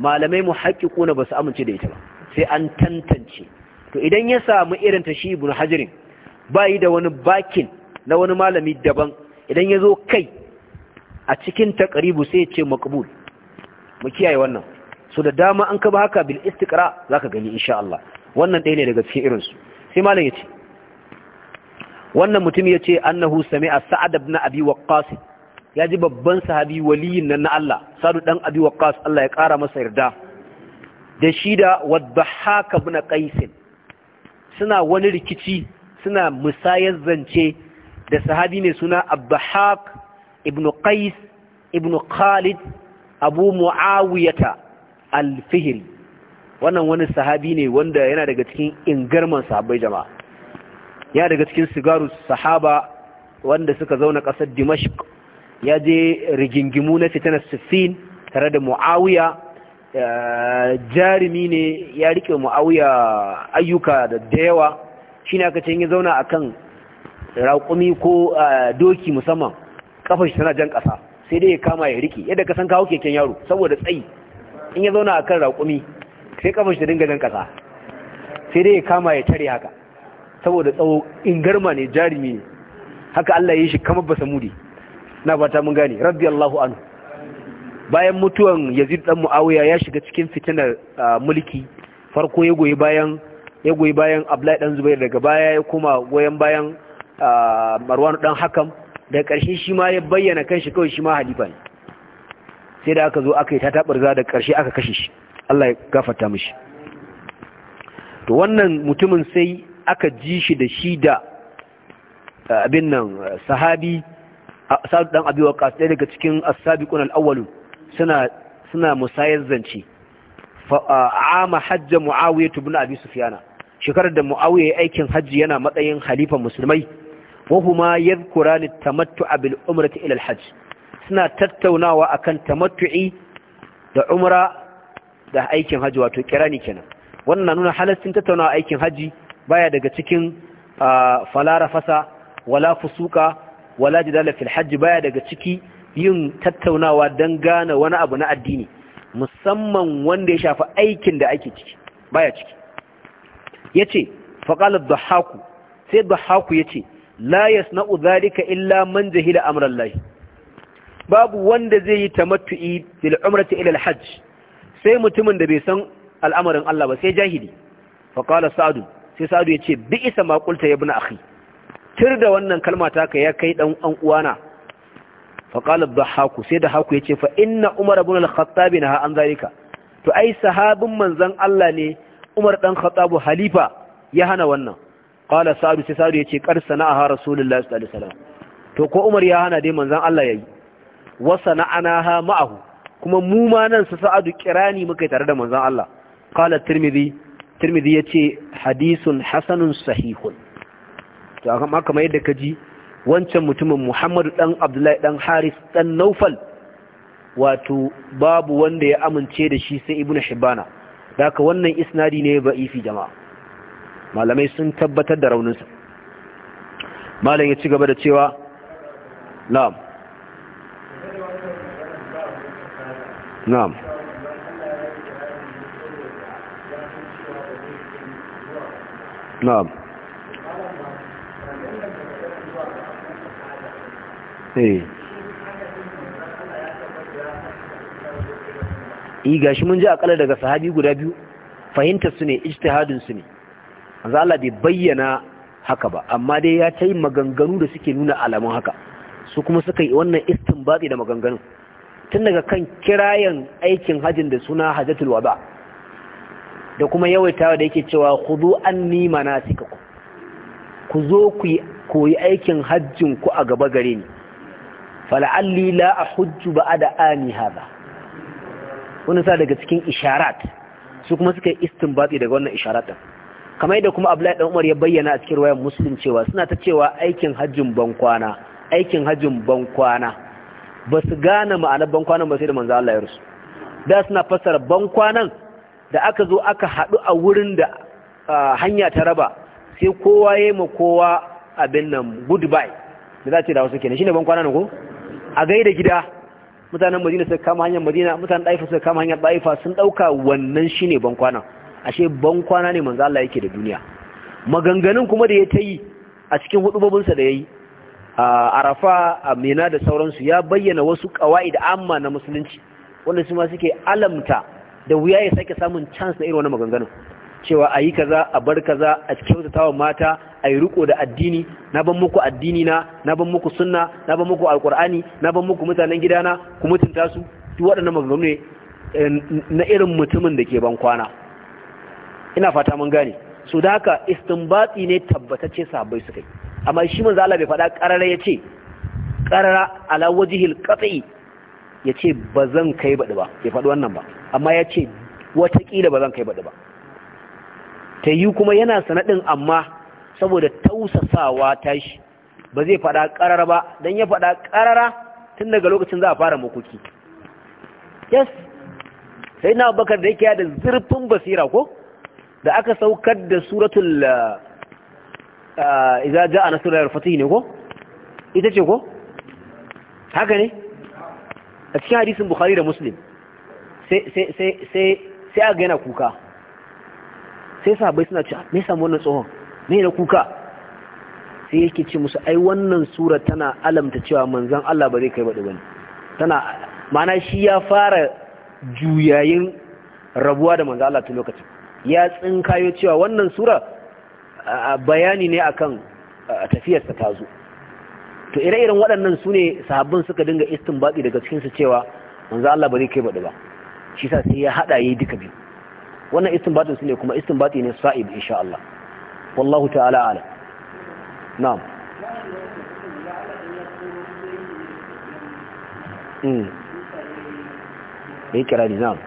malamai mu muhaqqiquna ba su amince da ita ba sai an tantance to idan ya samu irin ta shi ibnu hajirin yi da wani bakin na wani malami daban idan ya zo kai a cikin takaribu sai ya ce makabul mu kiyaye wannan so da dama an kaba haka bil istiqra ka gani insha Allah wannan ɗaya ne daga cikin irinsu sai malam ya ce wannan mutum ya ce annahu sami'a sa'ad ibn abi waqqas ya ji babban sahabi waliyin nan na Allah sadu dan abi waqqas Allah ya kara masa yarda da shi da wadhahaka ibn qais suna wani rikici suna musayar zance da sahabi mai suna abbahak ibn qais ibn khalid abu mu'awiyata al-fihri wannan wani sahabi ne wanda yana daga cikin ingarman sahabbai jama'a yana daga cikin sigaru sahaba wanda suka zauna ƙasar dimashq ya je rigingimu na fitanar siffin tare da mu'awiya eh, jarumi ne ya rike mu'awiya ayyuka da dayawa. shi ne aka ce ya zauna akan raƙumi ko doki musamman kafar tana jan ƙasa sai dai ya kama ya rike yadda ka san kawo keken yaro saboda tsayi in ya zauna a kan raƙumi sai kafar shi ta dinga jan ƙasa sai dai ya kama ya tare haka saboda tsawo in garma ne jarumi ne haka Allah ya yi shi kamar basamudi na fata mun gane radiyallahu anhu bayan mutuwan Yazid dan Muawiya ya shiga cikin fitinar mulki farko ya goyi bayan ya goyi bayan Abdullahi dan Zubair daga baya ya koma goyen bayan marwanu dan hakan? da ƙarshe shi ma ya bayyana shi kawai shi ma halifa ne sai da aka zo aka yi ta taɓarza da ƙarshe aka kashe shi Allah ya gafata mishi to wannan mutumin sai aka ji shi da shi da abin nan sahabi sa'ad dan abi waqas ɗaya daga cikin as-sabiqun al suna musayar zance ama hajja muawiya ibn abi sufyana shekarar da muawiya aikin hajji yana matsayin halifan musulmai wahuma يذكران التمتع بالعمره الى الحج سنا hajj suna tattaunawa akan tamattu'i da umra da aikin haji wato kirani kenan wannan nuna halastin tattaunawa aikin haji baya daga cikin falara fasa wala fusuka wala jidala fil baya daga ciki yin tattaunawa don gane wani abu na addini musamman wanda ya shafi aikin da ake ciki baya ciki yace faqala dhahaku sai dhahaku yace la yasna'u dhalika illa man jahila amra Allah babu wanda zai yi tamattu'i bil umrati ila al hajj sai mutumin da bai san al'amarin Allah ba sai jahili fa qala sa'd sai sa'd ya ce bi isa ma qulta ya ibn akhi tir da wannan kalma ta ka ya kai dan an uwana fa qala dhahaku sai da haku yace fa inna umar ibn al khattab naha an zalika to ai sahabin manzon Allah ne umar dan khattabu halifa ya hana wannan qala sa'du sai sa'du yace qad sana'a rasulullahi sallallahu alaihi wasallam to ko umar ya hana dai manzon Allah yayi wa sana'anaha ma'ahu kuma mu ma nan su sa'adu kirani muka tare da manzon Allah qala tirmidhi tirmidhi yace hadisun hasanun sahihun to amma kamar yadda kaji wancan mutumin Muhammadu dan Abdullahi dan Haris dan Naufal wato babu wanda ya amince da shi sai ibnu Hibbana daka wannan isnadi ne ba'ifi jama'a malamai sun tabbatar da rauninsa malam ya ci gaba da cewa na'am na'am na'am eh yi gashi mun ji akalla daga sahabi guda biyu fahimtar su ne ijtihadin su ne manzo Allah bai bayyana haka ba amma dai ya ta yi maganganu da suke nuna alamun haka su kuma suka yi wannan istinbati da maganganun tun daga kan kirayen aikin hajjin da suna hajjatul wada da kuma yawaitawa da yake cewa khudu anni manasikakum ku zo ku koyi aikin hajjin ku a gaba gare ni fal'alli la ahujju ba'da ani hada wannan sa daga cikin isharat su kuma suka yi istinbati daga wannan isharat kamar yadda kuma Abdullahi dan Umar ya bayyana a cikin wayan Muslim cewa suna ta cewa aikin hajjin bankwana aikin hajjin bankwana ba su gane ma'anar bankwanan ba sai da manzo Allah ya rusu da suna fassara bankwanan da aka zo aka haɗu a wurin da hanya ta raba sai kowa ya ma kowa abin nan goodbye da za ce da wasu kenan shine ne ko a gaida gida mutanen madina suka kama hanyar madina mutanen Daifa suka kama hanyar Daifa sun ɗauka wannan shine bankwana ashe ban kwana ne manzo Allah yake da duniya maganganun kuma da ya ta yi a cikin hudubobinsa da ya yi a arafa a mena da sauransu ya bayyana wasu kawai da amma na musulunci wanda su ma suke alamta da wuya ya sake samun chance na irin wani maganganun cewa a yi kaza a bar kaza a kyautatawa mata a yi riko da addini na ban muku addini na na ban muku sunna na ban muku alkur'ani na ban muku mutanen gidana ku mutunta su duk waɗannan maganganu ne eh, na irin mutumin da ke ban kwana ina fata mun gane Sudaka da haka istinbati ne tabbatacce sabai suka yi amma shi manzo Allah bai faɗa qarara yace qarara ala wajhil qati yace bazan kai badi ba ya faɗi wannan ba amma yace watakila bazan kai badi ba tayi kuma yana sanadin amma saboda tausasawa tashi ba zai faɗa qarara ba dan ya faɗa qarara tun daga lokacin za a fara makoki yes sai na bakar da yake da zurfin basira ko da aka saukar da suratul uh, uh, a jaa nasrul fatih ne ko ita ce ko haka ne a cikin hadisun bukhari da muslim sai a sai kuka, sai sa yana kuka sai suna cewa me samu wannan tsohon me na kuka sai yake ce musu ai wannan sura tana alamta cewa manzan Allah ba zai kai baɗi wani tana ma'ana shi ya fara juyayin rabuwa da manzan Allah tun lokacin ya tsinkayo cewa wannan sura bayani ne akan tafiyarsa ta zo to ire-iren waɗannan su ne sahabbin suka dinga istinbati daga cikinsu cewa wanzu Allah ba zai kai baɗi ba shi sa sai ya haɗa ya yi duka biyu wannan istinbatin su ne kuma istinbati ne sa'ib insha Allah wallahu ta'ala ala na'am mm yayi kirari na'am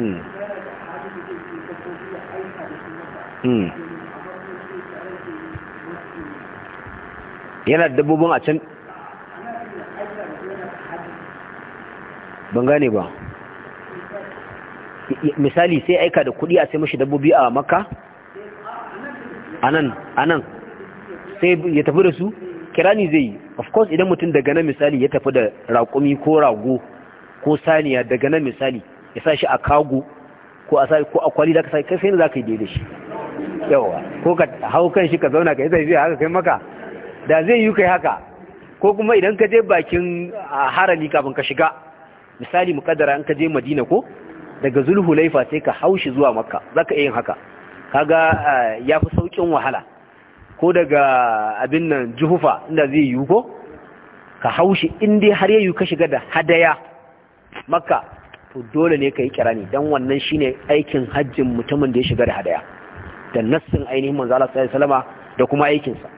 mm Hmm. yana da dabbobin a can ban gane ba misali sai aika da kudi a sai mashi dabbobi a makka anan anan sai ya tafi da su kirani zai yi of course idan mutum daga nan misali ya tafi da raƙumi ko rago ko saniya daga nan misali ya sa shi a kago ko a kwali da ka sai kai sai ne za ka yi daidai shi yawa ko ka hau kan shi ka zauna ka yi zai haka kai maka da zai yi kai haka ko kuma idan ka je bakin harami kafin ka shiga misali mukaddara an ka je madina ko daga zulhu laifa sai ka hau shi zuwa makka za iya yin haka ga ya fi saukin wahala ko daga abin nan juhufa inda zai yi ko ka hau shi in dai har yi ka shiga da hadaya makka to dole ne ka yi kirani don wannan shine aikin hajjin mutumin da ya shiga da hadaya da nassin ainihin manzo Allah sallallahu alaihi wasallama da kuma aikinsa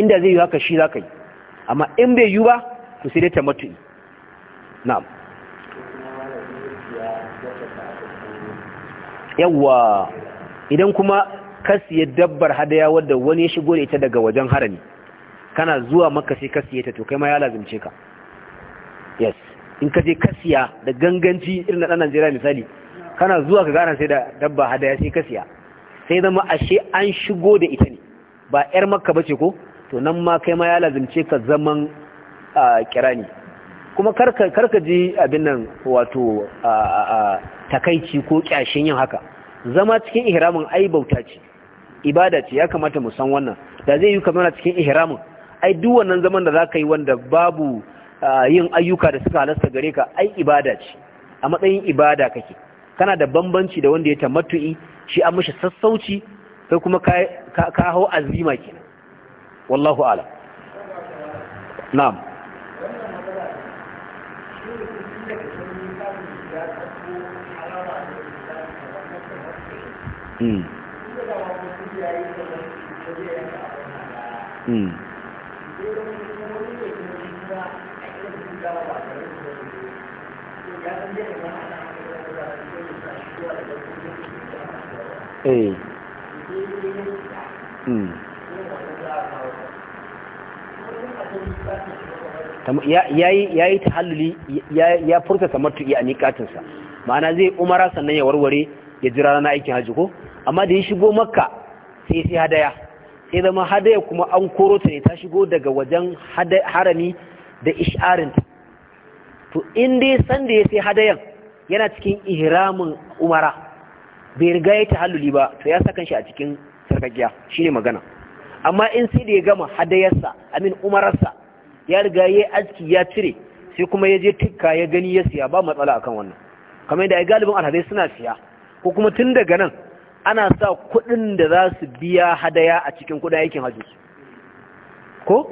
inda zai yi haka shi zaka yi amma in bai yi ba to sai dai tamattu'i na'am yawa idan kuma ka siya dabbar hadaya wadda wani ya shigo da ita daga wajen harami kana zuwa maka sai ka ya ta to kai ma ya lazimce ka yes in ka je kasiya da ganganci irin na dan Najeriya misali kana zuwa ka gana sai da dabba hadaya sai ka siya sai zama ashe an shigo da ita ne ba yar makka bace ko to nan ma kai ma ya lazimce ka zaman kirani kuma karka karka ji abin nan wato takaici ko kyashin yin haka zama cikin ihramin ai bauta ce ibada ce ya kamata mu san wannan da zai yi zama cikin ihramin ai duk wannan zaman da za ka yi wanda babu yin ayyuka da suka halasta gare ka ai ibada ce a matsayin ibada kake kana da bambanci da wanda ya tamattu'i shi an mishi sassauci sai kuma ka hau azima kenan wallahu ala na'am Hmm. hmm. Eh. Hmm. ya yi halluli ya furta tamattu ya nikatinsa ma'ana zai umara sannan ya warware ya jira na aikin hajji ko amma da ya shigo makka sai sai hadaya sai zama hadaya kuma an koro ta ne ta shigo daga wajen harami da ish'arinta to in dai sanda da ya sai hadayan yana cikin ihramin umara bai riga ya tahalluli ba to ya saka shi a cikin sarkakiya shine magana amma in sai da ya gama hadayarsa amin umararsa ya riga ya aski ya cire sai kuma ya je tikka ya gani ya siya ba matsala akan wannan kamar da galibin alhadai suna siya ko kuma tun daga nan ana sa kuɗin da za su biya hadaya a cikin kuɗin aikin hajji ko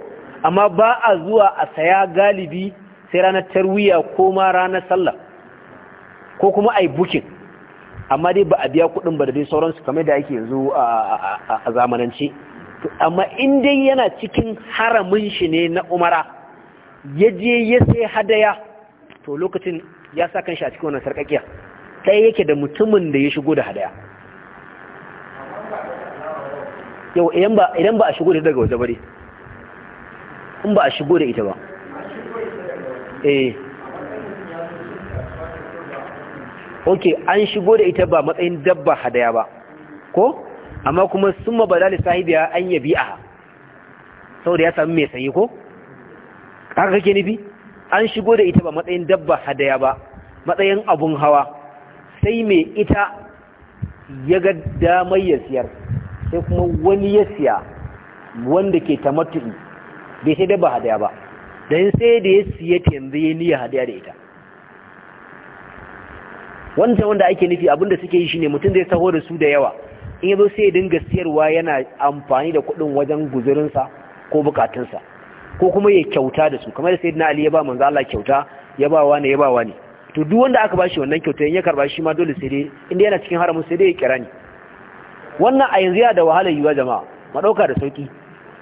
amma ba a zuwa a saya galibi sai ranar tarwiya ko ma ranar sallah ko kuma ai booking amma dai ba a biya kuɗin ba da dai sauransu kamar da ake yanzu a zamanance amma in dai yana cikin haramin shi ne na umara ya je ya sai hadaya to lokacin ya sa kan shi a cikin wannan sarƙaƙiya ɗaya yake da mutumin da ya shigo da hadaya yau idan ba a shigo da daga waje bare in ba a shigo da ita ba eh ok an shigo da ita ba matsayin dabba hadaya ba ko amma kuma sun mabada da sahibiya an yabi a saboda ya sami mai sayi ko haka kake nufi an shigo da ita ba matsayin dabba hadaya ba matsayin abun hawa sai mai ita ya ga damar ya siyar sai kuma wani ya siya wanda ke tamattu'i bai sai dabba hadaya ba don sai da ya siya ta yanzu ya niya hadaya da ita wanda wanda ake nufi abinda suke yi shine mutum zai taho da su da yawa in yazo sai ya dinga siyarwa yana amfani da kuɗin wajen guzurinsa ko bukatunsa ko kuma ya kyauta da su kamar da sayyidina ali ya ba manzo Allah kyauta ya ba wani ya ba wani to duk wanda aka bashi wannan kyauta in ya karba shi ma dole sai dai inda yana cikin haramun sai dai ya kira ni wannan a yanzu yana da wahalar yiwa jama'a ma dauka da sauki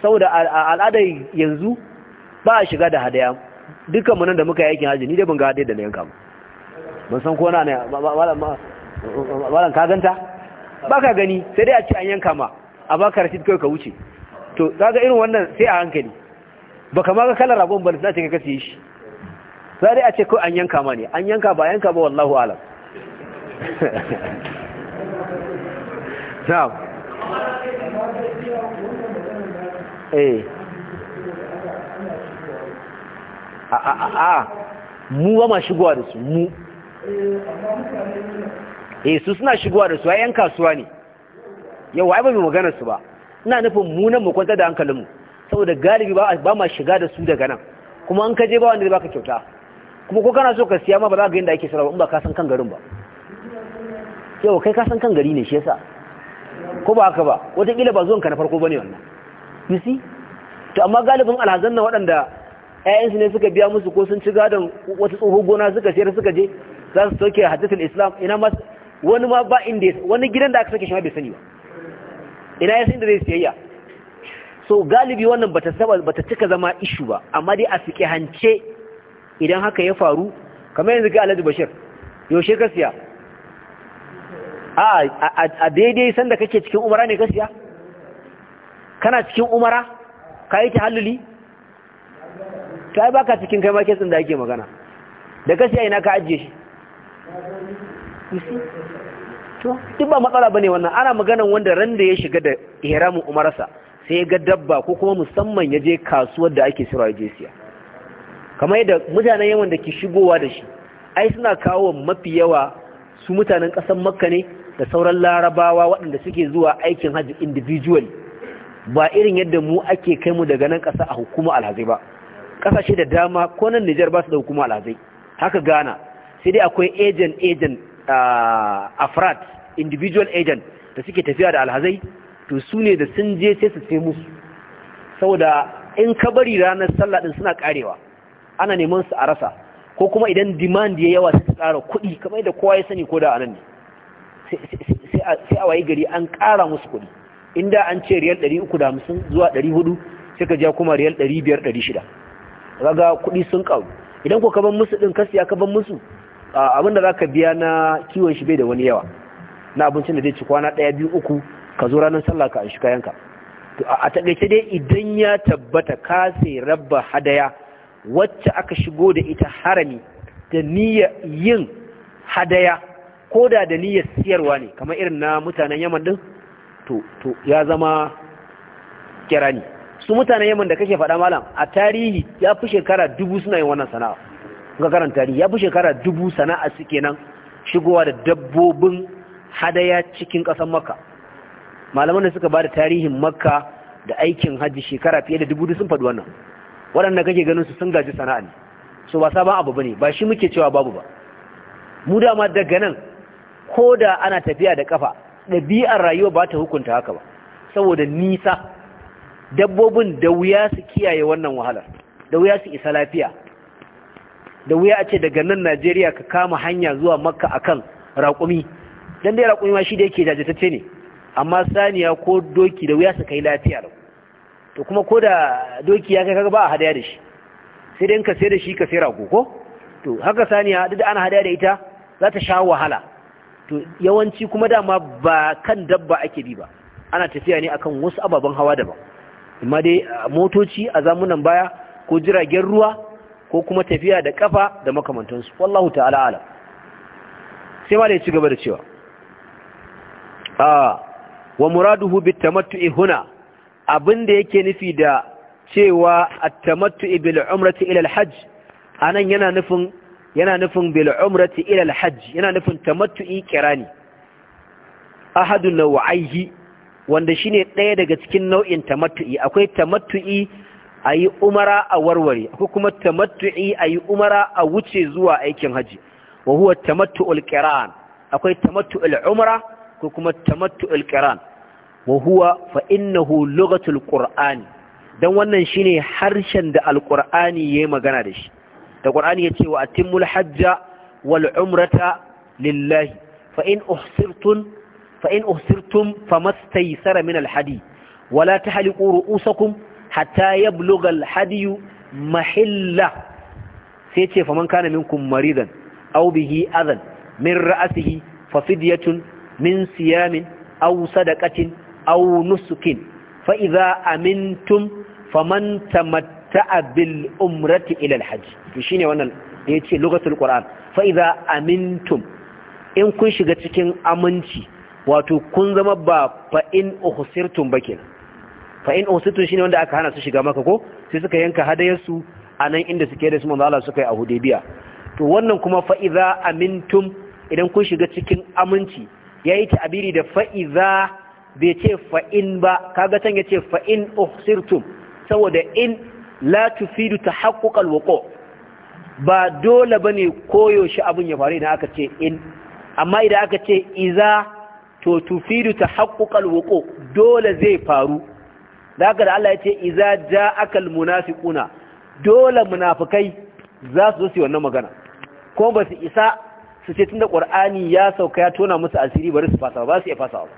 saboda al'adar yanzu ba a shiga da hadaya dukkan mu nan da muka yi aikin haji ni dai ban ga hadaya da na yanka ba ban san kona ne malam ka ganta ba ka gani sai dai a ce an yanka ma a baka rashid kawai ka wuce to zaga irin wannan sai a hankali ba kama ga kalar ragon ba za ta ka kasi shi sai dai a ce kawai an yanka ma ne an yanka ba yanka ba wallahu alam eh a a a mu ba ma shigowa da su mu eh su suna shigowa da su ai yan kasuwa ne yawa ai ba mu magana su ba ina nufin mu nan mu kwanta da hankalinmu saboda galibi ba ba ma shiga da su daga nan kuma an kaje ba wanda zai baka kyauta kuma ko kana so ka siya ma ba za ka ga inda ake sarrafa in ba ka san kan garin ba yawa kai ka san kan gari ne shi yasa ko ba haka ba wataƙila ba zuwanka na farko bane wannan you see to amma galibin alhazan na waɗanda 'ya'yansu ne suka biya musu ko sun ci gadon wata tsohon gona suka sayar suka je za su soke hadithul islam ina ma wani ma ba inda wani gidan da aka soke shi ma bai sani ba ina ya san inda zai siyayya so galibi wannan bata saba bata cika zama ishu ba amma dai a sike hance idan haka ya faru kamar yanzu ga Alhaji Bashir yaushe ka siya a a daidai sanda kake cikin umara ne ka siya kana cikin umara kai ta yi kai baka cikin kai ma kesin da ake magana da ka siya ina ka ajiye shi to duk ba matsala bane wannan ana maganan wanda ran da ya shiga da ihramin umarsa sai ya ga dabba ko kuma musamman ya je kasuwar da ake sirwa je siya kamar yadda mutanen yawan da ke shigowa da shi ai suna kawo mafi yawa su mutanen ƙasar makka ne da sauran larabawa waɗanda suke zuwa aikin hajji individual ba irin yadda mu ake kai mu daga nan ƙasa a hukuma alhazai ba ƙasashe da dama ko nan nijar ba su da hukuma alhazai haka gana. sai dai akwai agent agent afrat individual agent da suke tafiya da alhazai to su ne da sun je sai su sai musu saboda in ka bari ranar sallah din suna karewa ana neman su a rasa ko kuma idan demand ya yawa sai su ƙara kuɗi kamar yadda kowa ya sani ko da anan ne sai a wayi gari an ƙara musu kuɗi inda an ce riyal 350 zuwa 400 sai ka ja kuma riyal 500 600 kaga kuɗi sun ƙaru idan ko ka ban musu din kasiya ka ban musu abin da ka biya na kiwon shi bai da wani yawa na abincin da zai ci kwana ɗaya biyu uku ka zo ranar sallah ka shi kayanka a takaice dai idan ya tabbata ka sai rabba hadaya wacce aka shigo da ita harami da niyya yin hadaya ko da da niyyar siyarwa ne kamar irin na mutanen yaman din to to ya zama kirani su mutanen yaman da kake faɗa malam a tarihi ya fi shekara dubu suna yin wannan sana'a ga karanta ya fi shekara dubu sana'a su nan shigowa da dabbobin hadaya cikin ƙasar makka malaman da suka ba da tarihin makka da aikin hajji shekara fiye da dubu sun faɗi wannan waɗanda kake ganin su sun gaji sana'a ne so ba sabon abu bane ba shi muke cewa babu ba mu dama daga nan ko da ana tafiya da kafa ɗabi'ar rayuwa ba ta hukunta haka ba saboda nisa dabbobin da wuya su kiyaye wannan wahalar da wuya su isa lafiya da wuya a ce daga nan Najeriya ka kama hanya zuwa Makka akan raƙumi Don dai raƙumi ma shi da yake jajatacce ne amma saniya ko doki da wuya su kai lafiya to kuma ko da doki ya kai kaga ba a hadaya da shi sai dai ka sai da shi ka sai rago ko to haka saniya duk da ana hadaya da ita za ta sha wahala to yawanci kuma dama ba kan dabba ake bi ba ana tafiya ne akan wasu ababen hawa daban amma dai motoci a zamunan baya ko jiragen ruwa ko kuma tafiya da kafa da makamantansu wallahu ta'ala ala sai ma da ya ci gaba da cewa wa muraduhu bi tamatu'i huna abinda yake nufi da cewa at-tamattu'i bil umrati ila al-hajj anan yana nufin yana nufin bil umrati ila al-hajj yana nufin tamattu'i kirani ahadun nawaihi wanda shine ɗaya daga cikin nau'in tamattu'i akwai tamattu'i a yi umara a warware ko kuma tamattu'i a yi umara a wuce zuwa aikin haji wa huwa tamattu'ul qiran akwai tamattu'ul umra ko kuma tamattu'ul qiran wa huwa fa innahu lughatul qur'ani dan wannan shine harshen da alqur'ani yayi magana da shi da qur'ani yace wa atimul hajja wal umrata lillahi fa in uhsirtum fa in uhsirtum famastaysara min al wala tahliqu ru'usakum hatta yablugha al-hadiyu mahilla sai ce faman kana minkum maridan aw bihi min ra'asihi, fa min siyamin au sadakatin aw nusukin fa idza amintum faman tamatta'a bil umrati ila al-hajj to wannan ya ce lokacin fa idza amintum in kun shiga cikin aminci wato kun zama ba fa in bakin fa in shi shine wanda aka hana su shiga maka ko sai suka yanka hadayar su nan inda suke da su manzo Allah suka yi a Hudaybiya to wannan kuma fa'iza amintun amintum idan kun shiga cikin aminci yayi ta'abiri da fa'iza bai ce fa in ba kaga can yace fa in uhsirtum saboda in la tufidu tahaqquqal wuqu ba dole bane koyo shi abun ya faru idan aka ce in amma idan aka ce iza to tufidu tahaqquqal wuqu dole zai faru da haka da Allah ya ce iza ja'akal munafiquna dole munafikai za su zo su wannan magana ko ba su isa su ce tunda Qur'ani ya sauka ya tona musu asiri bari su fasa ba su iya fasa ba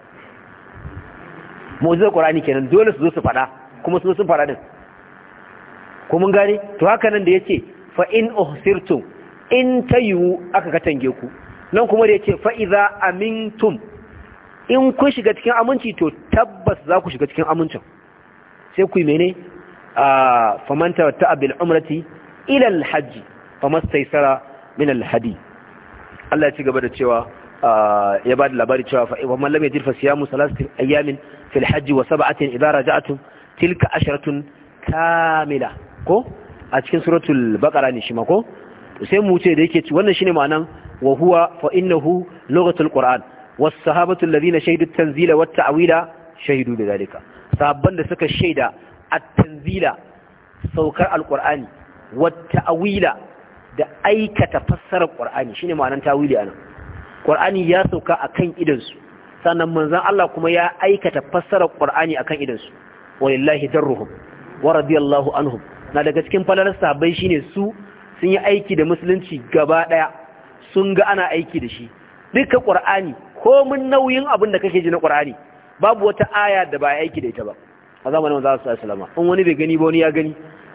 mu'jizar Qur'ani kenan dole su zo su fada kuma su sun fada din ko mun gane to haka nan da yace fa in uhsirtum in tayu aka katange ku nan kuma da yace fa iza amintum in kun shiga cikin aminci to tabbas za ku shiga cikin amincin sai ku mene a famanta ta abil umrati ila alhaji famastaisara min alhadi Allah ya ci gaba da cewa ya ba da labari cewa fa wa man lam yajid fa siyamu ayamin fil hajj wa sab'atin idza raja'tum tilka asharatun kamila ko a cikin suratul baqara ne shi ma ko sai mu ce da yake wannan shine ma'anan wa huwa fa innahu lughatul qur'an was sahabatu alladhina shahidu at-tanzila wat ta'wila shahidu bidhalika sabon da suka shaida attanzila tanzila saukar Alƙur'ani wata awila da aikata fassarar Shi ne ma'anar tawili anan Ƙur'ani ya sauka akan idansu sannan manzan Allah kuma ya aikata fassarar a akan idansu walillahi darruhum wa radiyallahu anhu. na daga cikin falalar sabai shine su sun yi aiki da musulunci gaba ɗaya. sun ga ana aiki da shi duka ƙur'ani komin nauyin abin da kake ji na ƙur'ani babu wata aya da ba aiki da ita ba a zamanin wanzu sallallahu alaihi in wani bai gani ba wani ya gani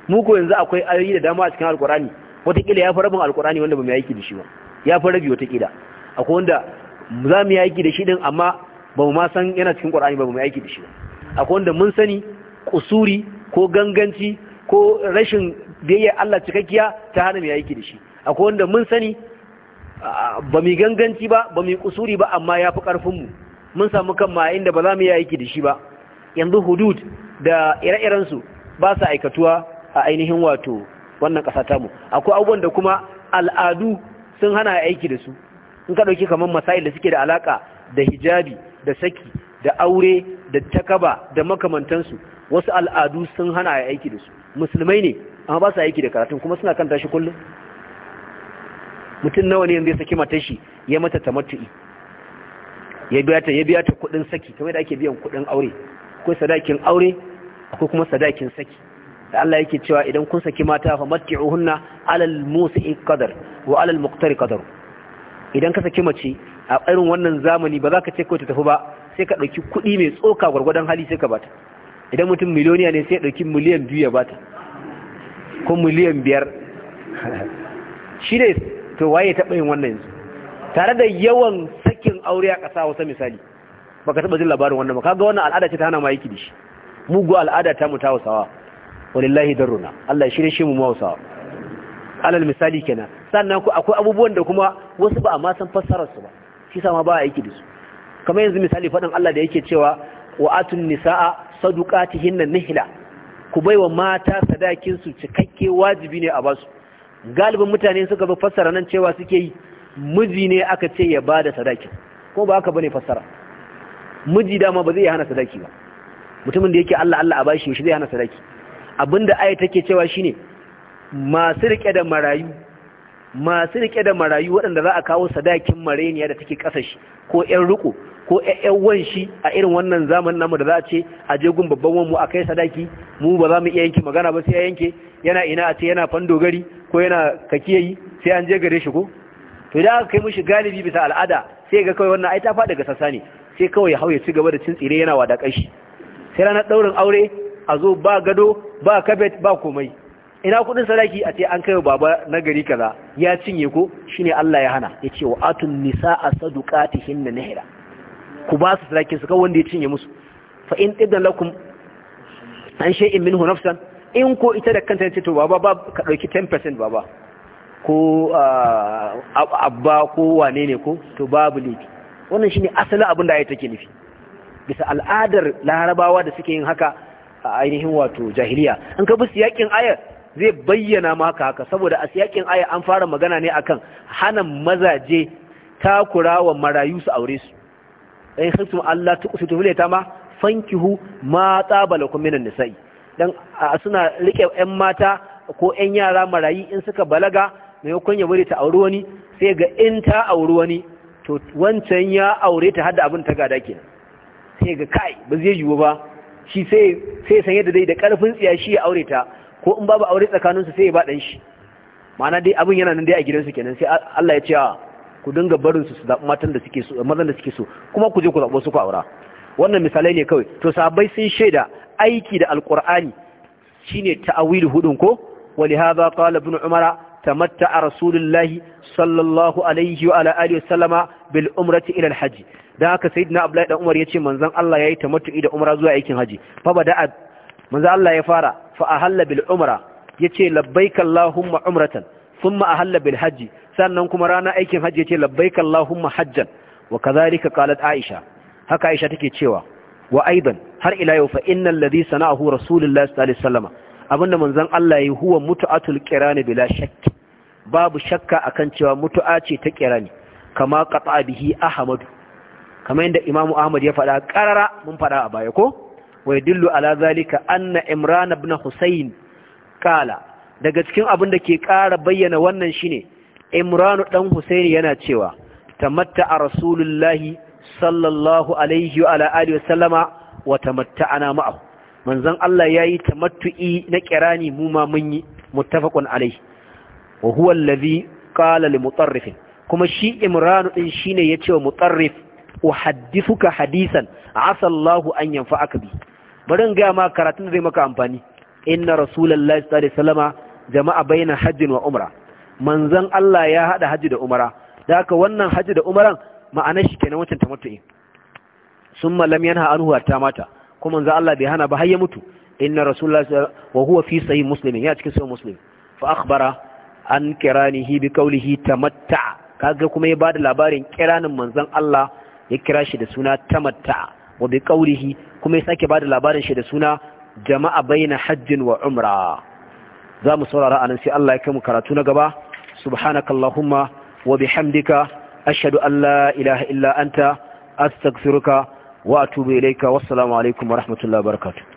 muku yanzu akwai ayoyi da dama a cikin alkurani wataƙila ya fi rabin alqur'ani wanda ba mu aiki da shi ba ya fi rabi wataƙila akwai wanda za mu yi aiki da shi din amma ba mu ma san yana cikin qur'ani ba mu aiki da shi ba akwai wanda mun sani kusuri ko ganganci ko rashin biyayya Allah cikakkiya ta hana mu aiki da shi akwai wanda mun sani ba mu ganganci ba ba mu kusuri ba amma ya fi ƙarfinmu mun samu kan ma inda ba za mu yi aiki da shi ba yanzu hudud da ire-iren su ba su aikatuwa a ainihin wato wannan ƙasa mu. akwai abubuwan da kuma al'adu sun hana aiki da su in ka ɗauki kamar masail da suke da alaka da hijabi da saki da aure da takaba da makamantansu wasu al'adu sun hana aiki da su musulmai ne amma ba su aiki da karatun kuma suna kan tashi kullum mutum nawa ne yanzu ya saki matashi ya mata tamattu'i ya biya ta ya biya ta kuɗin saki kamar da ake biyan kuɗin aure akwai sadakin aure akwai kuma sadakin saki da Allah yake cewa idan kun saki mata fa matti'uhunna alal musi'i qadar wa alal muqtari qadar idan ka saki mace a irin wannan zamani ba za ka ce ko ta tafi ba sai ka ɗauki kuɗi mai tsoka gwargwadon hali sai ka bata idan mutum miliyoniya ne sai ya ɗauki miliyan biyu ya bata ko miliyan biyar shi ne to waye taɓa yin wannan yanzu tare da yawan sakin aure a ƙasa wasa misali baka taɓa jin labarin wannan ba ga wannan al'ada ce ta hana ma yake shi. mugu al'ada ta mu ta wasawa walillahi darruna Allah ya shirye shi mu ma wasawa alal misali kenan sannan ku akwai abubuwan da kuma wasu ba a ma san fassarar su ba shi sa ma ba a da su. kamar yanzu misali faɗin Allah da yake cewa wa atun nisaa saduqatihinna nihla ku baiwa mata sadakin su cikakke wajibi ne a basu galibin mutane suka bi fassara nan cewa suke yi miji ne aka ce ya da sadaki ko ba ne bane fassara miji dama ba zai hana sadaki ba mutumin da yake Allah Allah a bashi shi zai hana sadaki abinda aya take cewa shine masu rike da marayu masu rike da marayu waɗanda za a kawo sadakin mareniya da take kasa shi ko ƴan riko ko ƴaƴan wanshi a irin wannan zamanin namu da za a ce a je gun babban wanmu a kai sadaki mu ba za mu iya yanke magana ba sai ya yanke yana ina a ce yana fandogari ko yana kakiyayi sai an je gare shi ko to idan aka kai mishi galibi bisa al'ada sai ga kawai wannan ai ta faɗi ga sassa ne sai kawai ya hau ya ci gaba da cin tsire yana kai shi sai ranar ɗaurin aure a zo ba gado ba kabet ba komai ina kudin sadaki a ce an kai baba na gari kaza ya cinye ko shine Allah ya hana ya ce wa atun nisaa saduqatihinna nahira ku ba su sadakin su kawai wanda ya cinye musu fa in tidan lakum an shay'in minhu nafsan in ko ita da kanta ce to baba ba ka dauki 10% baba ko abba ko wane ne ko to babu laifi wannan shine asali abin da ayi take nufi bisa al'adar larabawa da suke yin haka a ainihin wato jahiliya an ka bi siyakin ayar zai bayyana maka haka saboda a siyakin ayar an fara magana ne akan hana mazaje takurawa marayu su aure su in hasu Allah tuqsitu fil ma fankihu ma tsaba minan nisa'i dan suna rike yan mata ko yan yara marayi in suka balaga maimakon ya bari ta auri wani sai ga in ta auri wani to wancan ya aure ta hada abin ta gada kenan sai ga kai ba zai yiwu ba shi sai sai san yadda dai da karfin tsiya shi ya aure ta ko in babu aure tsakanin su sai ya ba dan shi ma'ana dai abin yana nan dai a gidansu kenan sai Allah ya ce ah, ku dinga barin su su zabi matan da suke so mazan da suke so kuma ku je ku zabo su ku aura wannan misalai ne kawai to sabai sun shaida aiki da alqur'ani shine ta'awil hudun ko ولهذا قال ابن عمر tamatta'a rasulullahi sallallahu alaihi wa alihi wasallama bil umrati ila al haji dan haka sayyidina abdullahi dan umar yace manzon Allah yayi tamattu'i da umra zuwa aikin haji fa bada'a manzon Allah ya fara fa ahalla bil umra yace labbaik allahumma umratan thumma ahalla bil haji sannan kuma rana aikin haji yace labbaik allahumma hajjan wa kadhalika qalat aisha haka aisha take cewa wa aidan har ila yau fa innal ladhi sana'ahu rasulullahi sallallahu alaihi wasallama abinda manzon Allah yi huwa mutu'atul kirani bila shakki babu shakka akan cewa mutu'a ce ta qirani kama qata bihi ahmad kama inda imamu ahmad ya faɗa qarara mun faɗa a baya ko wa yadullu ala zalika anna imran ibn husayn ƙala. daga cikin abin da ke ƙara bayyana wannan shine imran dan husayn yana cewa tamatta rasulullahi sallallahu alaihi wa ala alihi wa sallama wa tamatta'ana ma'ahu manzon Allah yayi tamattu'i na ƙirani mu ma mun yi muttafaqun alaihi wa huwa allazi qala li mutarrif kuma shi imranu din shine mu wa mutarrif uhaddithuka hadisan asa Allahu aka yanfa'aka bi barin gaya ma karatun zai maka amfani inna rasulullahi sallallahu alaihi salama jama'a bayyana hajjin wa umra manzon Allah ya haɗa haji da umara da haka wannan hajji da umaran ma'anar shi kenan wancan tamattu'i summa lam yanha anhu ta mata ko manzo Allah bai hana ba har ya mutu inna rasulullah wa huwa fi sahih muslim ya cikin sahih muslim fa akhbara an kiranihi bi qawlihi tamatta kaga kuma ya bada labarin kiranin manzon Allah ya kira shi da suna tamatta wa bi qawlihi kuma ya sake bada labarin shi da suna jama'a baina hajjin wa umra za mu saurara anan sai Allah ya kai mu karatu na gaba subhanakallahumma wa bihamdika ashhadu an la ilaha illa anta astaghfiruka wa atubu ilaika wassalamu alaikum wa rahmatullahi